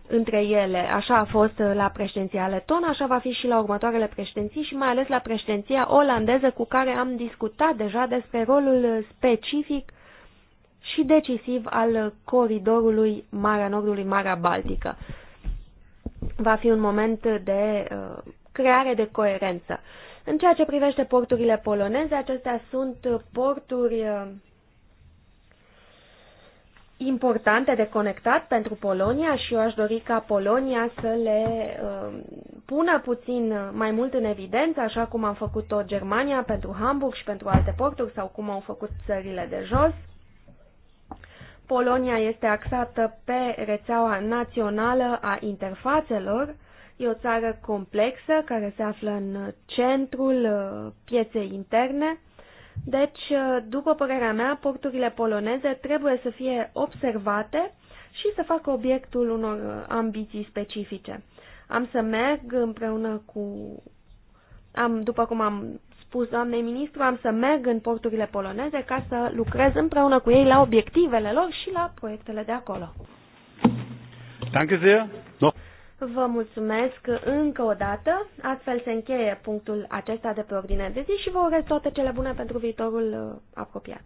între ele. Așa a fost uh, la președinția letonă, așa va fi și la următoarele președinții și mai ales la președinția olandeză cu care am discutat deja despre rolul uh, specific și decisiv al coridorului Marea Nordului, Marea Baltică. Va fi un moment de uh, creare de coerență. Uh, în ceea ce privește porturile poloneze, acestea sunt porturi uh, importante de conectat pentru Polonia și eu aș dori ca Polonia să le uh, pună puțin mai mult în evidență, așa cum am făcut-o Germania pentru Hamburg și pentru alte porturi sau cum au făcut țările de jos. Polonia este axată pe rețeaua națională a interfațelor E o țară complexă care se află în centrul uh, pieței interne. Deci, uh, după părerea mea, porturile poloneze trebuie să fie observate și să facă obiectul unor uh, ambiții specifice. Am să merg împreună cu... Am, după cum am spus doamnei ministru, am să merg în porturile poloneze ca să lucrez împreună cu ei la obiectivele lor și la proiectele de acolo. Danke sehr. No. Vă mulțumesc încă o dată. Astfel se încheie punctul acesta de pe ordine de zi și vă urez toate cele bune pentru viitorul uh, apropiat.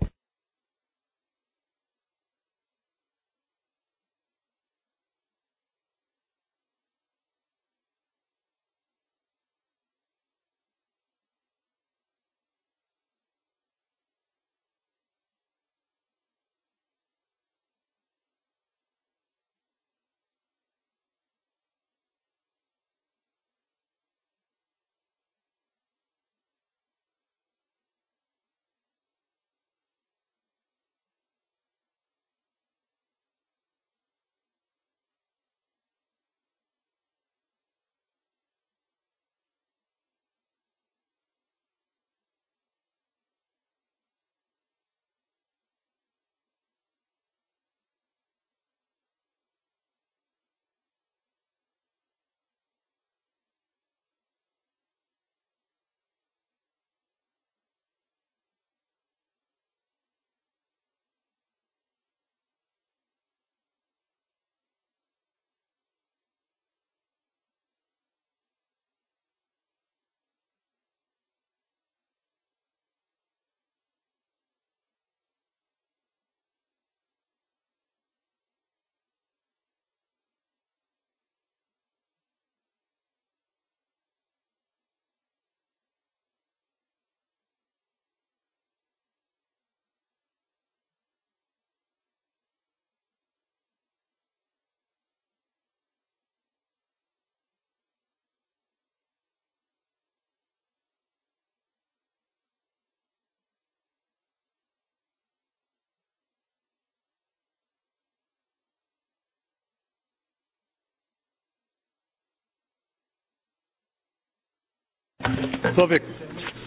So, wir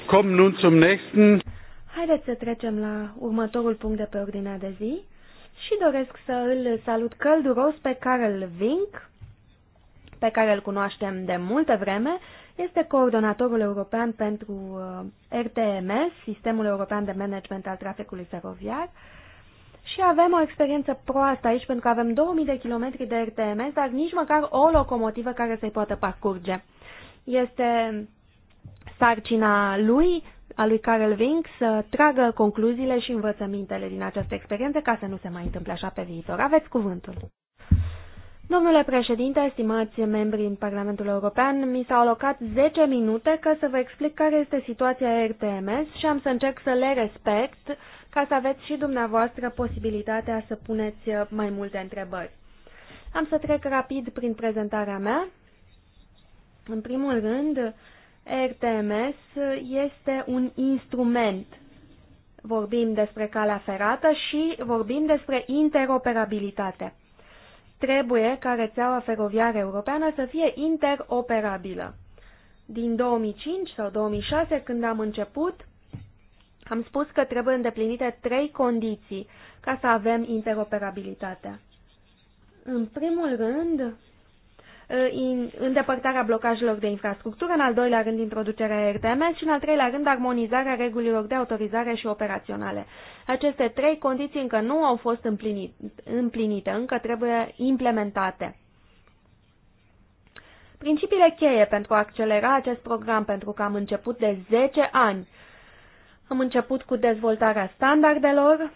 kommen nun zum nächsten. Haideți să trecem la următorul punct de pe ordinea de zi și doresc să îl salut călduros pe Carl Vink, pe care îl cunoaștem de multă vreme, este coordonatorul european pentru uh, RTMS, Sistemul European de Management al Traficului Feroviar, și avem o experiență proastă aici pentru că avem 2000 de kilometri de RTMS, dar nici măcar o locomotivă care să-i poată parcurge. Este sarcina lui, a lui Carl Vink, să tragă concluziile și învățămintele din această experiență ca să nu se mai întâmple așa pe viitor. Aveți cuvântul. Domnule președinte, estimați membri în Parlamentul European, mi s-au alocat 10 minute ca să vă explic care este situația RTMS și am să încerc să le respect ca să aveți și dumneavoastră posibilitatea să puneți mai multe întrebări. Am să trec rapid prin prezentarea mea. În primul rând, RTMS este un instrument. Vorbim despre calea ferată și vorbim despre interoperabilitate. Trebuie ca rețeaua feroviară europeană să fie interoperabilă. Din 2005 sau 2006, când am început, am spus că trebuie îndeplinite trei condiții ca să avem interoperabilitatea. În primul rând, Uh, îndepărtarea blocajelor de infrastructură, în al doilea rând introducerea RTMS și în al treilea rând armonizarea regulilor de autorizare și operaționale. Aceste trei condiții încă nu au fost împlinite, încă trebuie implementate. Principiile cheie pentru a accelera acest program, pentru că am început de 10 ani, am început cu dezvoltarea standardelor,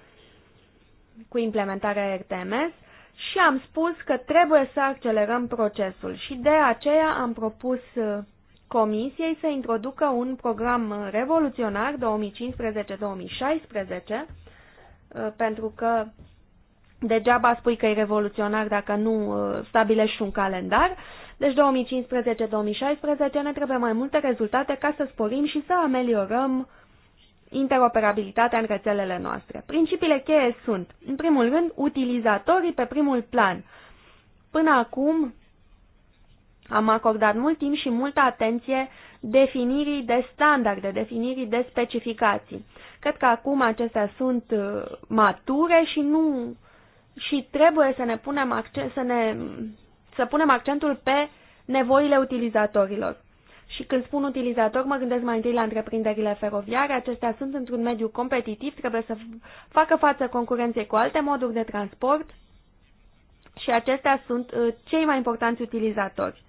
cu implementarea RTMS, și am spus că trebuie să accelerăm procesul și de aceea am propus uh, Comisiei să introducă un program uh, revoluționar 2015-2016 uh, pentru că degeaba spui că e revoluționar dacă nu stabilești un calendar. Deci 2015-2016 ne trebuie mai multe rezultate ca să sporim și să ameliorăm uh, interoperabilitatea în rețelele noastre. Principiile cheie sunt, în primul rând, utilizatorii pe primul plan. Până acum am acordat mult timp și multă atenție definirii de standarde, definirii de specificații. Cred că acum acestea sunt uh, mature și nu și trebuie să ne punem accent, să ne să punem accentul pe nevoile utilizatorilor. Și când spun utilizator, mă gândesc mai întâi la întreprinderile feroviare. Acestea sunt într-un mediu competitiv, trebuie să facă față concurenței cu alte moduri de transport și acestea sunt uh, cei mai importanți utilizatori.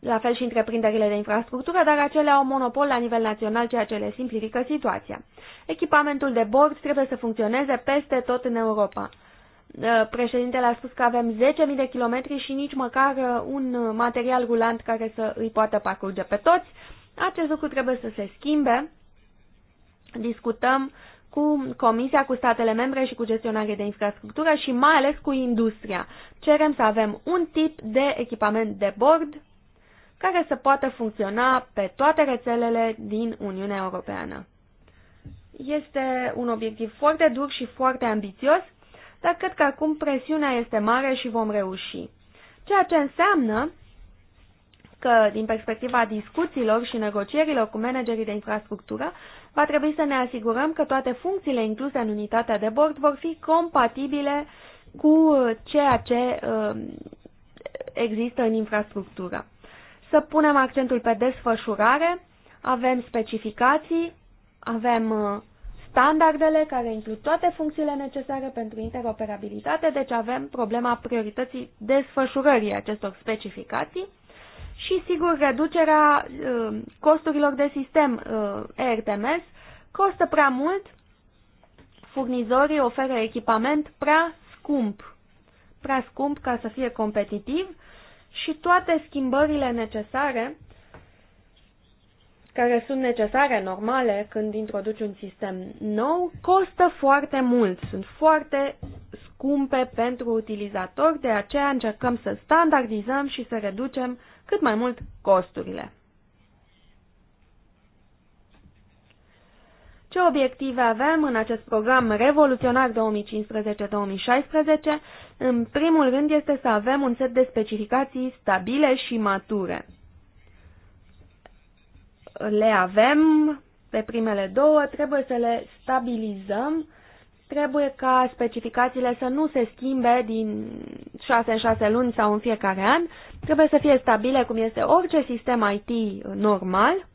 La fel și întreprinderile de infrastructură, dar acele au monopol la nivel național, ceea ce le simplifică situația. Echipamentul de bord trebuie să funcționeze peste tot în Europa. Eh, președintele a spus că avem 10.000 de kilometri și nici măcar eh, un material rulant care să îi poată parcurge pe toți. Acest lucru trebuie să se schimbe. Discutăm cu Comisia, cu statele membre și cu gestionarii de infrastructură și mai ales cu industria. Cerem să avem un tip de echipament de bord care să poată funcționa pe toate rețelele din Uniunea Europeană. Este un obiectiv foarte dur și foarte ambițios, dar cred că acum presiunea este mare și vom reuși. Ceea ce înseamnă că, din perspectiva discuțiilor și negocierilor cu managerii de infrastructură, va trebui să ne asigurăm că toate funcțiile incluse în unitatea de bord vor fi compatibile cu ceea ce um, există în infrastructură. Să punem accentul pe desfășurare, avem specificații, avem uh, standardele care includ toate funcțiile necesare pentru interoperabilitate, deci avem problema priorității desfășurării acestor specificații și, sigur, reducerea uh, costurilor de sistem ERTMS uh, costă prea mult, furnizorii oferă echipament prea scump, prea scump ca să fie competitiv și toate schimbările necesare care sunt necesare, normale, când introduci un sistem nou, costă foarte mult, sunt foarte scumpe pentru utilizator, de aceea încercăm să standardizăm și să reducem cât mai mult costurile. Ce obiective avem în acest program revoluționar 2015-2016? În primul rând este să avem un set de specificații stabile și mature le avem pe primele două, trebuie să le stabilizăm, trebuie ca specificațiile să nu se schimbe din 6 în 6 luni sau în fiecare an, trebuie să fie stabile cum este orice sistem IT normal.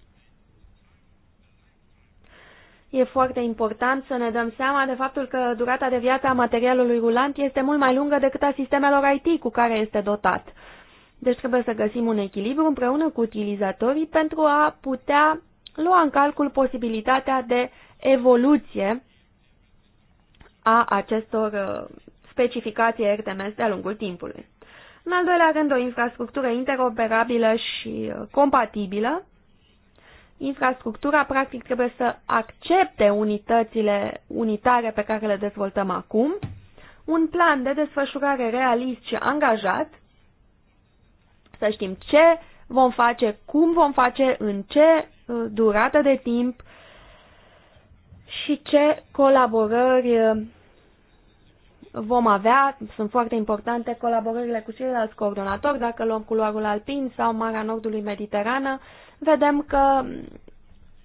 E foarte important să ne dăm seama de faptul că durata de viață a materialului rulant este mult mai lungă decât a sistemelor IT cu care este dotat. Deci trebuie să găsim un echilibru împreună cu utilizatorii pentru a putea lua în calcul posibilitatea de evoluție a acestor uh, specificații RTMS de-a lungul timpului. În al doilea rând, o infrastructură interoperabilă și uh, compatibilă. Infrastructura, practic, trebuie să accepte unitățile unitare pe care le dezvoltăm acum, un plan de desfășurare realist și angajat, să știm ce vom face, cum vom face, în ce uh, durată de timp și ce colaborări uh, vom avea. Sunt foarte importante colaborările cu ceilalți coordonatori. Dacă luăm culoarul alpin sau Marea Nordului Mediterană, vedem că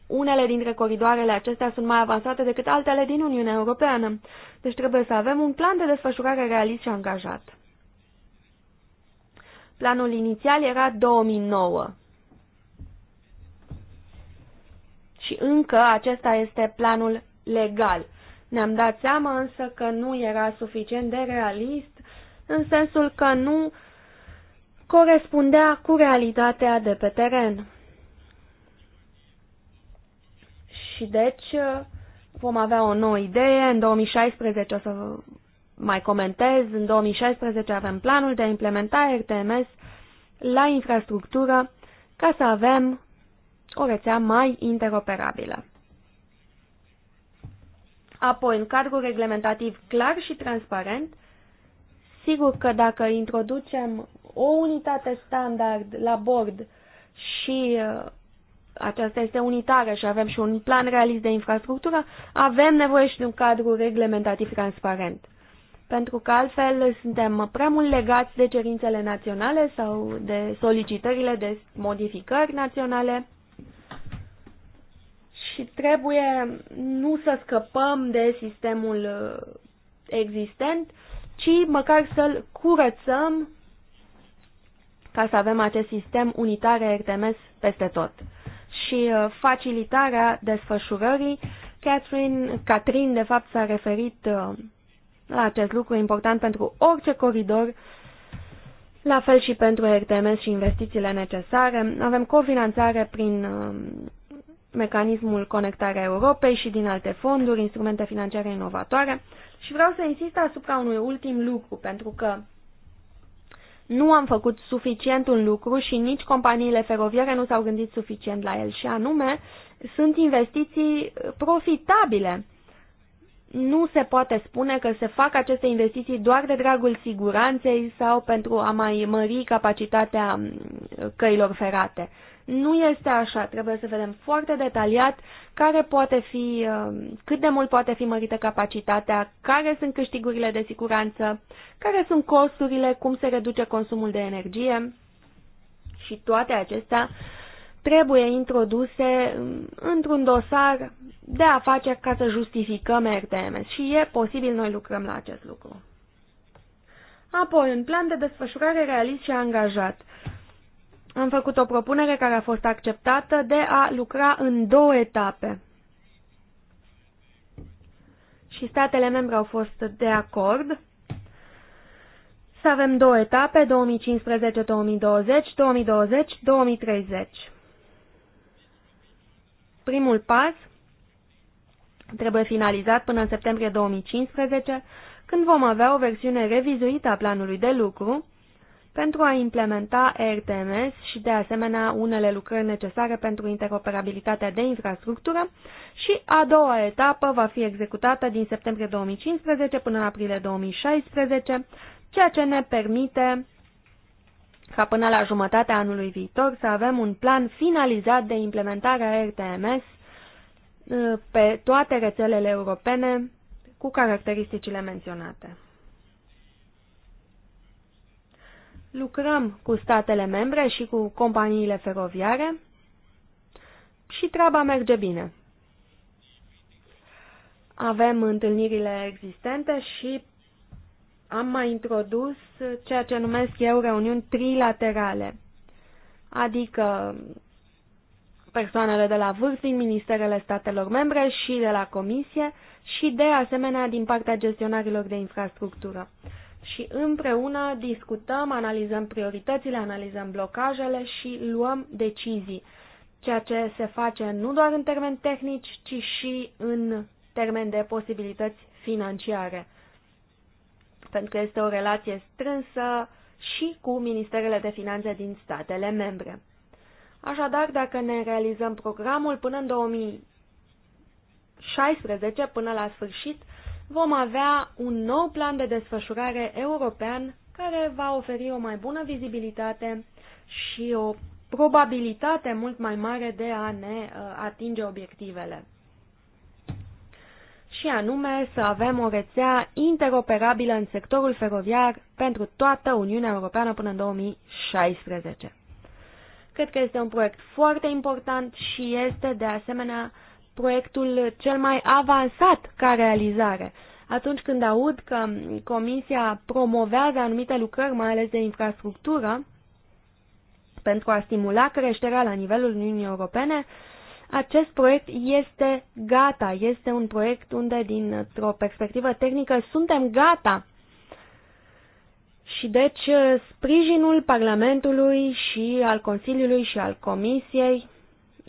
unele dintre coridoarele acestea sunt mai avansate decât altele din Uniunea Europeană. Deci trebuie să avem un plan de desfășurare realist și angajat. Planul inițial era 2009. Și încă acesta este planul legal. Ne-am dat seama însă că nu era suficient de realist, în sensul că nu corespundea cu realitatea de pe teren. Și deci uh, vom avea o nouă idee, în 2016 o să mai comentez, în 2016 avem planul de implementare RTMS la infrastructură ca să avem o rețea mai interoperabilă. Apoi, un cadru reglementativ clar și transparent. Sigur că dacă introducem o unitate standard la bord și uh, aceasta este unitară și avem și un plan realist de infrastructură, avem nevoie și de un cadru reglementativ transparent pentru că altfel suntem prea mult legați de cerințele naționale sau de solicitările de modificări naționale și trebuie nu să scăpăm de sistemul uh, existent, ci măcar să-l curățăm ca să avem acest sistem unitar RTMS peste tot. Și uh, facilitarea desfășurării, Catherine, Catherine de fapt s-a referit uh, acest lucru e important pentru orice coridor, la fel și pentru RTMS și investițiile necesare. Avem cofinanțare prin um, mecanismul Conectarea Europei și din alte fonduri, instrumente financiare inovatoare. Și vreau să insist asupra unui ultim lucru, pentru că nu am făcut suficient un lucru și nici companiile feroviare nu s-au gândit suficient la el, și anume sunt investiții profitabile nu se poate spune că se fac aceste investiții doar de dragul siguranței sau pentru a mai mări capacitatea mm, căilor ferate. Nu este așa, trebuie să vedem foarte detaliat care poate fi, mm, cât de mult poate fi mărită capacitatea, care sunt câștigurile de siguranță, care sunt costurile, cum se reduce consumul de energie și toate acestea trebuie introduse într-un dosar de afaceri ca să justificăm RTMS și e posibil noi lucrăm la acest lucru. Apoi, un plan de desfășurare realist și angajat. Am făcut o propunere care a fost acceptată de a lucra în două etape. Și statele membre au fost de acord să avem două etape, 2015-2020, 2020-2030. Primul pas trebuie finalizat până în septembrie 2015, când vom avea o versiune revizuită a planului de lucru pentru a implementa RTMS și, de asemenea, unele lucrări necesare pentru interoperabilitatea de infrastructură și a doua etapă va fi executată din septembrie 2015 până în aprilie 2016, ceea ce ne permite ca până la jumătatea anului viitor să avem un plan finalizat de implementare a RTMS uh, pe toate rețelele europene cu caracteristicile menționate. Lucrăm cu statele membre și cu companiile feroviare și treaba merge bine. Avem întâlnirile existente și am mai introdus ceea ce numesc eu reuniuni trilaterale, adică persoanele de la vârf din ministerele statelor membre și de la comisie și de asemenea din partea gestionarilor de infrastructură. Și împreună discutăm, analizăm prioritățile, analizăm blocajele și luăm decizii, ceea ce se face nu doar în termeni tehnici, ci și în termeni de posibilități financiare pentru că este o relație strânsă și cu ministerele de finanțe din statele membre. Așadar, dacă ne realizăm programul până în 2016, până la sfârșit, vom avea un nou plan de desfășurare european care va oferi o mai bună vizibilitate și o probabilitate mult mai mare de a ne uh, atinge obiectivele și anume să avem o rețea interoperabilă în sectorul feroviar pentru toată Uniunea Europeană până în 2016. Cred că este un proiect foarte important și este, de asemenea, proiectul cel mai avansat ca realizare. Atunci când aud că Comisia promovează anumite lucrări, mai ales de infrastructură, pentru a stimula creșterea la nivelul Uniunii Europene, uh, acest proiect este gata, este un proiect unde, dintr-o perspectivă tehnică, suntem gata. Și deci sprijinul Parlamentului și al Consiliului și al Comisiei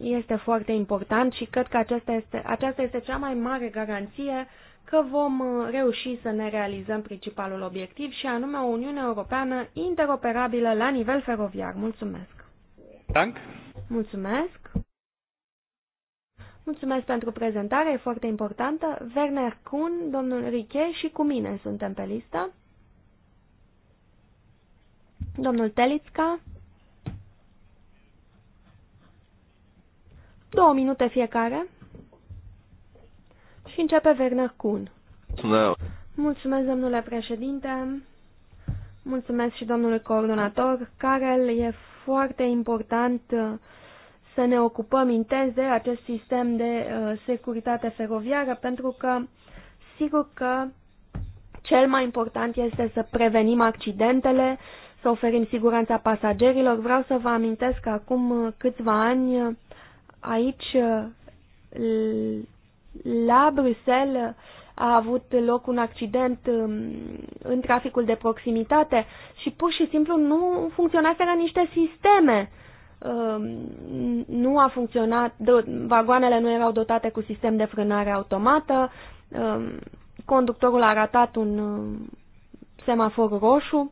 este foarte important și cred că aceasta este, aceasta este cea mai mare garanție că vom uh, reuși să ne realizăm principalul obiectiv și anume o Uniune Europeană interoperabilă la nivel feroviar. Mulțumesc! Dank. Mulțumesc! Mulțumesc pentru prezentare, e foarte importantă. Werner Kuhn, domnul Riche și cu mine suntem pe listă. Domnul Telitska. Două minute fiecare. Și începe Werner Kuhn. No. Mulțumesc, domnule președinte. Mulțumesc și domnului coordonator. Karel, e foarte important uh, să ne ocupăm intens de acest sistem de uh, securitate feroviară, pentru că sigur că cel mai important este să prevenim accidentele, să oferim siguranța pasagerilor. Vreau să vă amintesc că acum uh, câțiva ani uh, aici uh, la Bruxelles a avut loc un accident um, în traficul de proximitate și pur și simplu nu funcționaseră niște sisteme Um, nu a funcționat, vagoanele nu erau dotate cu sistem de frânare automată, um, conductorul a ratat un um, semafor roșu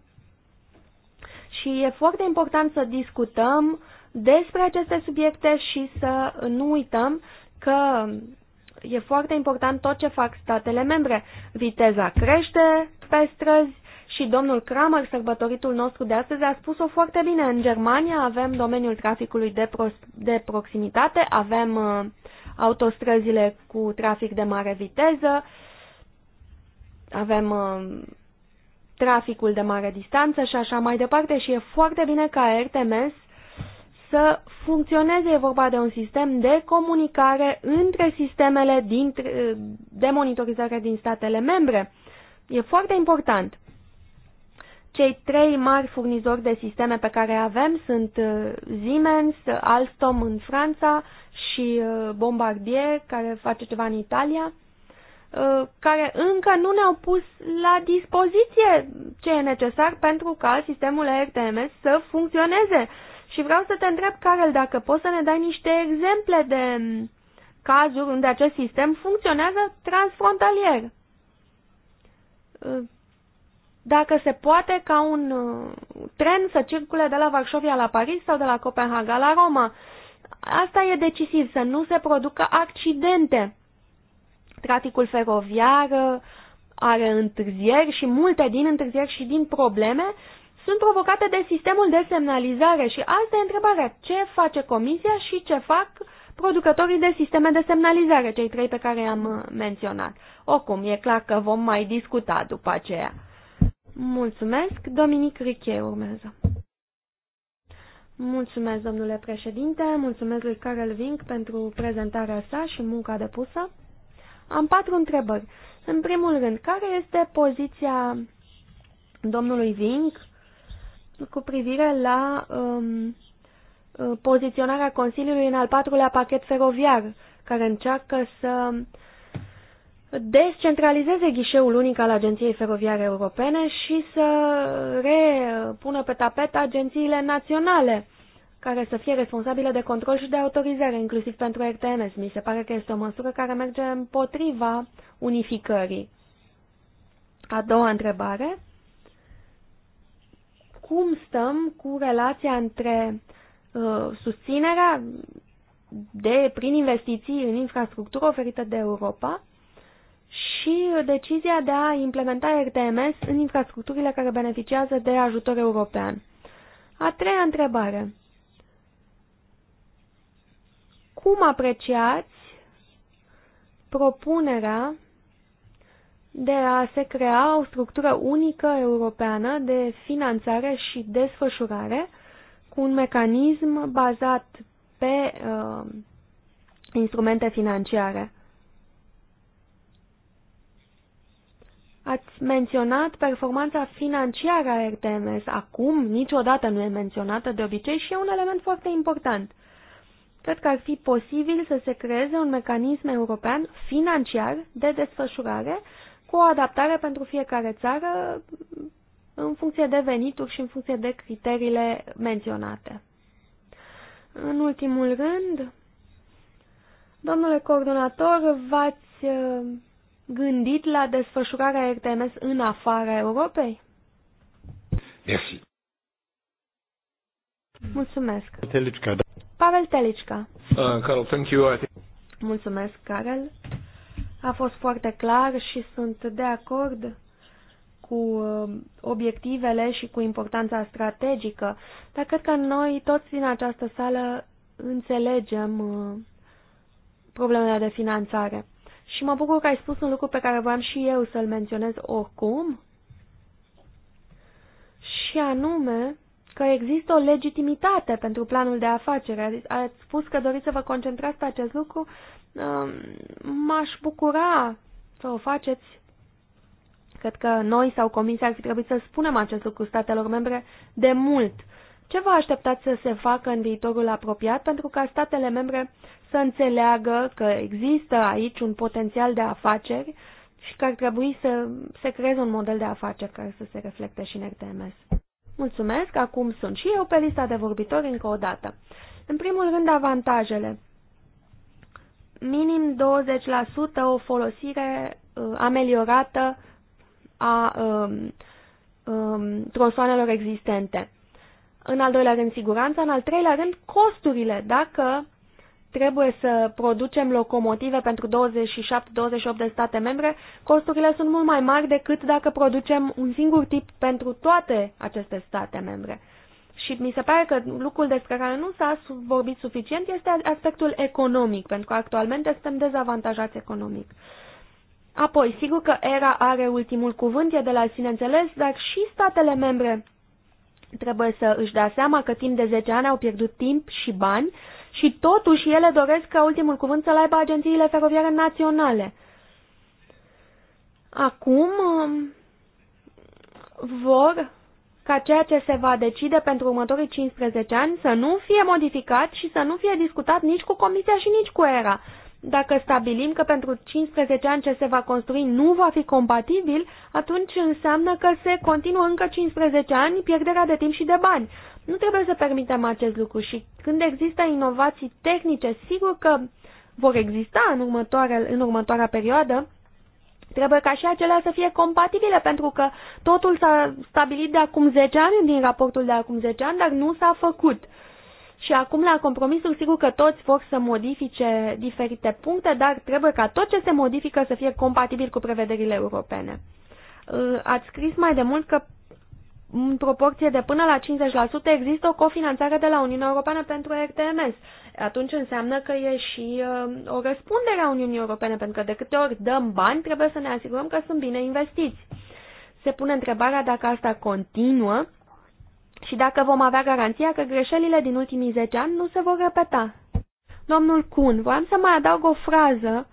și e foarte important să discutăm despre aceste subiecte și să nu uităm că e foarte important tot ce fac statele membre. Viteza crește pe străzi, și domnul Kramer, sărbătoritul nostru de astăzi, a spus-o foarte bine. În Germania avem domeniul traficului de, pro- de proximitate, avem uh, autostrăzile cu trafic de mare viteză, avem uh, traficul de mare distanță și așa mai departe și e foarte bine ca RTMS să funcționeze. E vorba de un sistem de comunicare între sistemele din, de monitorizare din statele membre. E foarte important. Cei trei mari furnizori de sisteme pe care avem sunt uh, Siemens, Alstom în Franța și uh, Bombardier, care face ceva în Italia, uh, care încă nu ne-au pus la dispoziție ce e necesar pentru ca sistemul RTMS să funcționeze. Și vreau să te întreb, Carol, dacă poți să ne dai niște exemple de mm, cazuri unde acest sistem funcționează transfrontalier dacă se poate ca un uh, tren să circule de la Varșovia la Paris sau de la Copenhaga la Roma. Asta e decisiv, să nu se producă accidente. Traficul feroviar uh, are întârzieri și multe din întârzieri și din probleme sunt provocate de sistemul de semnalizare și asta e întrebarea. Ce face comisia și ce fac producătorii de sisteme de semnalizare, cei trei pe care i-am uh, menționat? Oricum, e clar că vom mai discuta după aceea. Mulțumesc. Dominic Riche urmează. Mulțumesc, domnule președinte, mulțumesc lui Karel Vink pentru prezentarea sa și munca depusă. Am patru întrebări. În primul rând, care este poziția domnului Vink cu privire la um, poziționarea Consiliului în al patrulea pachet feroviar, care încearcă să uh, descentralizeze ghișeul unic al Agenției Feroviare Europene și să repună pe tapet agențiile naționale care să fie responsabile de control și de autorizare, inclusiv pentru RTNS. Mi se pare că este o măsură care merge împotriva unificării. A doua întrebare. Cum stăm cu relația între uh, susținerea de, prin investiții în infrastructură oferită de Europa și decizia de a implementa RTMS în infrastructurile care beneficiază de ajutor european. A treia întrebare. Cum apreciați propunerea de a se crea o structură unică europeană de finanțare și desfășurare cu un mecanism bazat pe uh, instrumente financiare. Ați menționat performanța financiară a RTMS. Acum niciodată nu e menționată de obicei și e un element foarte important. Cred că ar fi posibil să se creeze un mecanism european financiar de desfășurare cu o adaptare pentru fiecare țară în funcție de venituri și în funcție de criteriile menționate. În ultimul rând, domnule coordonator, v-ați gândit la desfășurarea RTMS în afara Europei? Merci. Mulțumesc. Telicca, da. Pavel Telicca. Uh, Carol, thank you. I think... Mulțumesc, Carol. A fost foarte clar și sunt de acord cu uh, obiectivele și cu importanța strategică, dar cred că noi toți din această sală înțelegem uh, problemele de finanțare. Și mă bucur că ai spus un lucru pe care voiam și eu să-l menționez oricum, și anume că există o legitimitate pentru planul de afacere. Ați spus că doriți să vă concentrați pe acest lucru. Um, m-aș bucura să o faceți. Cred că noi sau Comisia ar fi trebuit să spunem acest lucru statelor membre de mult. Ce vă așteptați să se facă în viitorul apropiat pentru ca statele membre să înțeleagă că există aici un potențial de afaceri și că ar trebui să se creeze un model de afaceri care să se reflecte și în RTMS. Mulțumesc, acum sunt și eu pe lista de vorbitori încă o dată. În primul rând, avantajele. Minim 20% o folosire uh, ameliorată a um, um, tronsoanelor existente. În al doilea rând, siguranța. În al treilea rând, costurile. Dacă trebuie să producem locomotive pentru 27-28 de state membre, costurile sunt mult mai mari decât dacă producem un singur tip pentru toate aceste state membre. Și mi se pare că lucrul despre care nu s-a vorbit suficient este aspectul economic, pentru că actualmente suntem dezavantajați economic. Apoi, sigur că ERA are ultimul cuvânt, e de la sine înțeles, dar și statele membre trebuie să își dea seama că timp de 10 ani au pierdut timp și bani și totuși ele doresc ca ultimul cuvânt să-l aibă agențiile feroviare naționale. Acum um, vor ca ceea ce se va decide pentru următorii 15 ani să nu fie modificat și să nu fie discutat nici cu Comisia și nici cu ERA. Dacă stabilim că pentru 15 ani ce se va construi nu va fi compatibil, atunci înseamnă că se continuă încă 15 ani pierderea de timp și de bani. Nu trebuie să permitem acest lucru și când există inovații tehnice, sigur că vor exista în, următoare, în următoarea perioadă, trebuie ca și acelea să fie compatibile, pentru că totul s-a stabilit de acum 10 ani din raportul de acum 10 ani, dar nu s-a făcut. Și acum la compromisul sigur că toți vor să modifice diferite puncte, dar trebuie ca tot ce se modifică să fie compatibil cu prevederile europene. Ați scris mai de mult că în proporție de până la 50% există o cofinanțare de la Uniunea Europeană pentru RTMS. Atunci înseamnă că e și uh, o răspundere a Uniunii Europene, pentru că de câte ori dăm bani, trebuie să ne asigurăm că sunt bine investiți. Se pune întrebarea dacă asta continuă și dacă vom avea garanția că greșelile din ultimii 10 ani nu se vor repeta. Domnul Kun, voiam să mai adaug o frază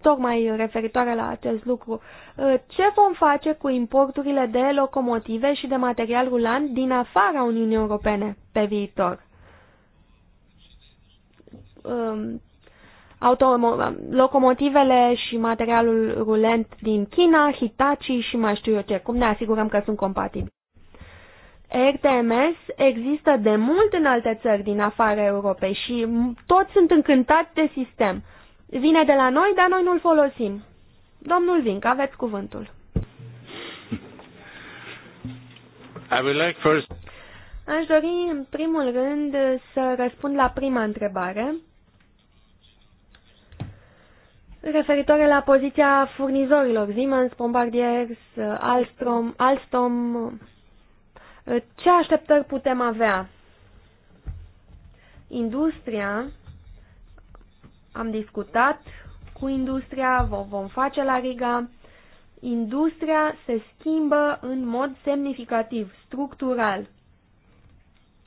tocmai referitoare la acest lucru. Uh, ce vom face cu importurile de locomotive și de material rulant din afara Uniunii Europene pe viitor? Um, locomotivele și materialul rulent din China, Hitachi și mai știu eu ce. Cum ne asigurăm că sunt compatibili? RTMS există de mult în alte țări din afara Europei și toți sunt încântați de sistem vine de la noi, dar noi nu-l folosim. Domnul Vinc, aveți cuvântul. I would like first... Aș dori, în primul rând, să răspund la prima întrebare referitoare la poziția furnizorilor Siemens, Bombardier, Alstom, Alstom. Ce așteptări putem avea? Industria am discutat cu industria, vă vom face la Riga. Industria se schimbă în mod semnificativ, structural.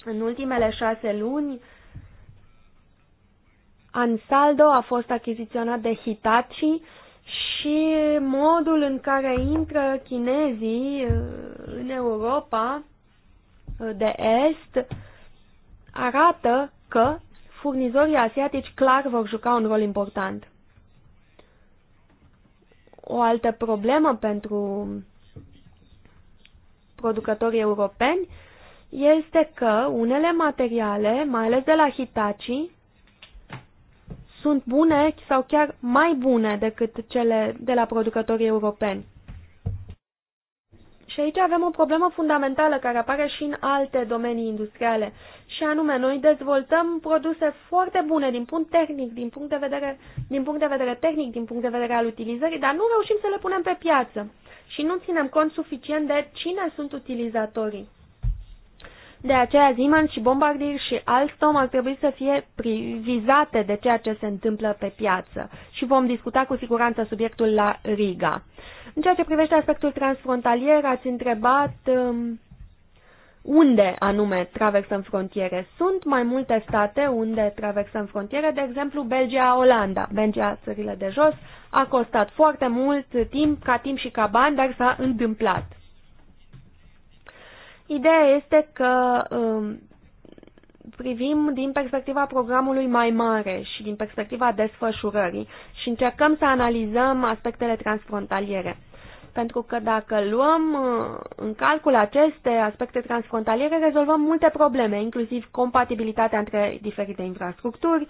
În ultimele șase luni, Ansaldo a fost achiziționat de Hitachi și modul în care intră chinezii uh, în Europa uh, de Est arată că furnizorii asiatici clar vor juca un rol important. O altă problemă pentru producătorii europeni este că unele materiale, mai ales de la Hitachi, sunt bune sau chiar mai bune decât cele de la producătorii europeni. Și aici avem o problemă fundamentală care apare și în alte domenii industriale. Și anume, noi dezvoltăm produse foarte bune din punct tehnic, din punct de vedere, din punct de vedere tehnic, din punct de vedere al utilizării, dar nu reușim să le punem pe piață. Și nu ținem cont suficient de cine sunt utilizatorii. De aceea Siemens și Bombardier și Alstom ar trebui să fie vizate de ceea ce se întâmplă pe piață și vom discuta cu siguranță subiectul la Riga. În ceea ce privește aspectul transfrontalier, ați întrebat um, unde anume traversăm frontiere. Sunt mai multe state unde traversăm frontiere, de exemplu Belgia, Olanda, Belgia, țările de jos, a costat foarte mult timp, ca timp și ca bani, dar s-a întâmplat. Ideea este că um, privim din perspectiva programului mai mare și din perspectiva desfășurării și încercăm să analizăm aspectele transfrontaliere. Pentru că dacă luăm uh, în calcul aceste aspecte transfrontaliere, rezolvăm multe probleme, inclusiv compatibilitatea între diferite infrastructuri,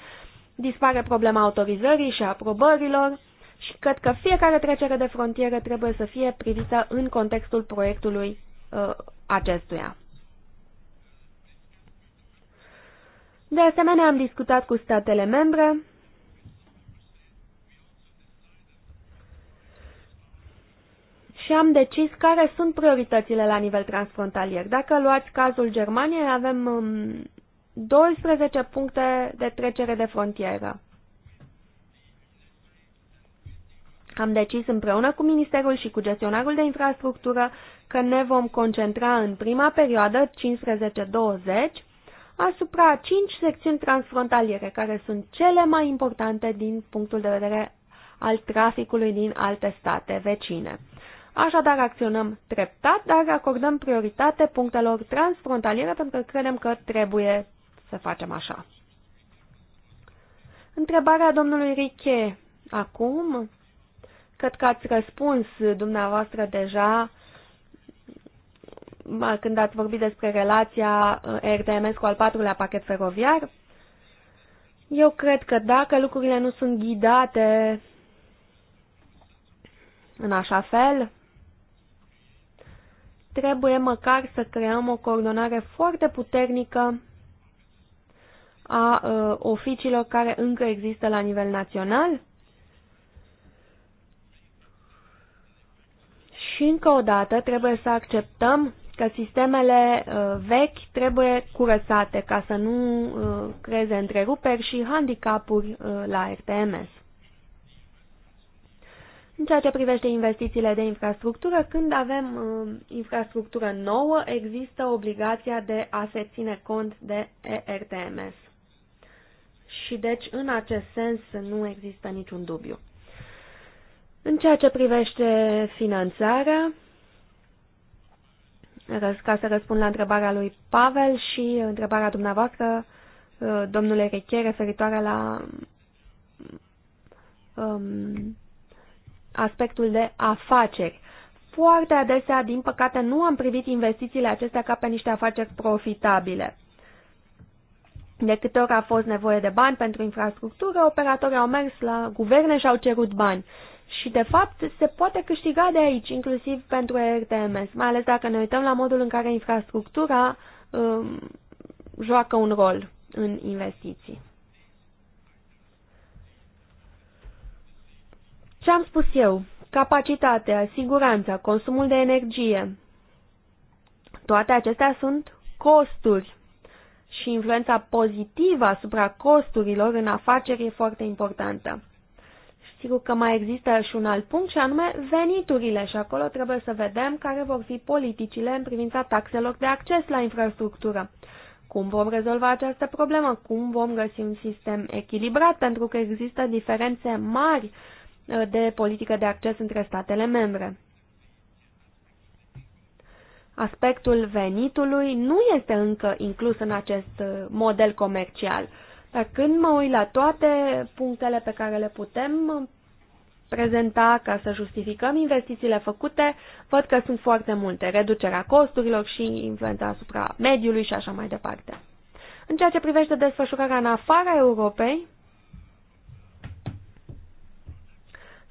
dispare problema autorizării și aprobărilor și cred că fiecare trecere de frontieră trebuie să fie privită în contextul proiectului uh, acestuia. De asemenea, am discutat cu statele membre și am decis care sunt prioritățile la nivel transfrontalier. Dacă luați cazul Germaniei, avem 12 um, puncte de trecere de frontieră. Am decis împreună cu Ministerul și cu gestionarul de infrastructură că ne vom concentra în prima perioadă, 15-20, asupra cinci secțiuni transfrontaliere, care sunt cele mai importante din punctul de vedere al traficului din alte state vecine. Așadar, acționăm treptat, dar acordăm prioritate punctelor transfrontaliere pentru că credem că trebuie să facem așa. Întrebarea domnului Riche acum Cred că ați răspuns dumneavoastră deja când ați vorbit despre relația uh, RDMS cu al patrulea pachet feroviar. Eu cred că dacă lucrurile nu sunt ghidate în așa fel, trebuie măcar să creăm o coordonare foarte puternică a uh, oficiilor care încă există la nivel național Și încă o dată trebuie să acceptăm că sistemele uh, vechi trebuie curățate ca să nu uh, creeze întreruperi și handicapuri uh, la RTMS. În ceea ce privește investițiile de infrastructură, când avem infrastructură nouă, există obligația de a se ține cont de ERTMS. Și deci, în acest sens, nu există niciun dubiu. În ceea ce privește finanțarea, ca să răspund la întrebarea lui Pavel și întrebarea dumneavoastră, uh, domnule Reche, referitoare la um, aspectul de afaceri. Foarte adesea, din păcate, nu am privit investițiile acestea ca pe niște afaceri profitabile. De câte ori a fost nevoie de bani pentru infrastructură, operatorii au mers la guverne și au cerut bani. Și, de fapt, se poate câștiga de aici, inclusiv pentru RTMS, mai ales dacă ne uităm la modul în care infrastructura um, joacă un rol în investiții. Ce am spus eu? Capacitatea, siguranța, consumul de energie. Toate acestea sunt costuri și influența pozitivă asupra costurilor în afaceri e foarte importantă. Sigur că mai există și un alt punct, și anume veniturile, și acolo trebuie să vedem care vor fi politicile în privința taxelor de acces la infrastructură. Cum vom rezolva această problemă? Cum vom găsi un sistem echilibrat? Pentru că există diferențe mari uh, de politică de acces între statele membre. Aspectul venitului nu este încă inclus în acest uh, model comercial. Dar când mă uit la toate punctele pe care le putem prezenta ca să justificăm investițiile făcute, văd că sunt foarte multe, reducerea costurilor și influența asupra mediului și așa mai departe. În ceea ce privește desfășurarea în afara Europei,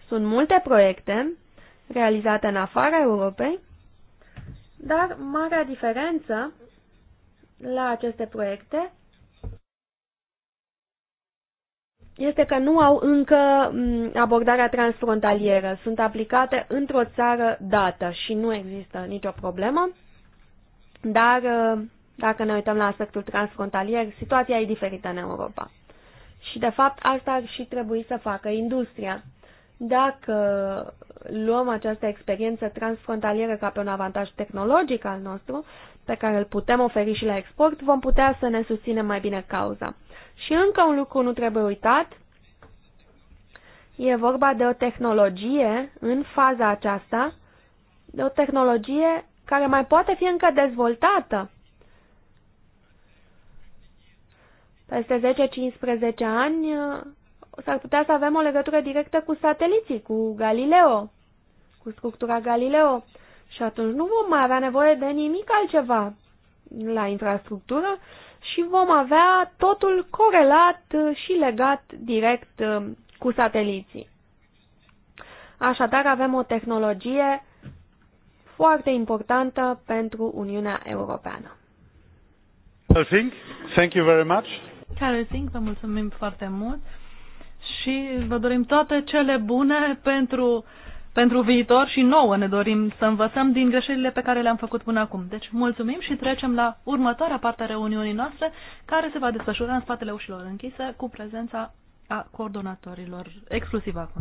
sunt multe proiecte realizate în afara Europei, dar marea diferență la aceste proiecte este că nu au încă mm, abordarea transfrontalieră. Sunt aplicate într-o țară dată și nu există nicio problemă, dar ă, dacă ne uităm la aspectul transfrontalier, situația e diferită în Europa. Și, de fapt, asta ar și trebui să facă industria. Dacă luăm această experiență transfrontalieră ca pe un avantaj tehnologic al nostru, pe care îl putem oferi și la export, vom putea să ne susținem mai bine cauza. Și încă un lucru nu trebuie uitat. E vorba de o tehnologie în faza aceasta, de o tehnologie care mai poate fi încă dezvoltată. Peste 10-15 ani uh, s-ar putea să avem o legătură directă cu sateliții, cu Galileo, cu structura Galileo. Și atunci nu vom mai avea nevoie de nimic altceva la infrastructură, și vom avea totul corelat uh, și legat direct uh, cu sateliții. Așadar, avem o tehnologie foarte importantă pentru Uniunea Europeană. Singh, thank you very much. Carol Singh, vă mulțumim foarte mult și vă dorim toate cele bune pentru uh, pentru viitor și nouă ne dorim să învățăm din greșelile pe care le-am făcut până acum. Deci mulțumim și trecem la următoarea parte a reuniunii noastre, care se va desfășura în spatele ușilor închise cu prezența a coordonatorilor, exclusiv acum.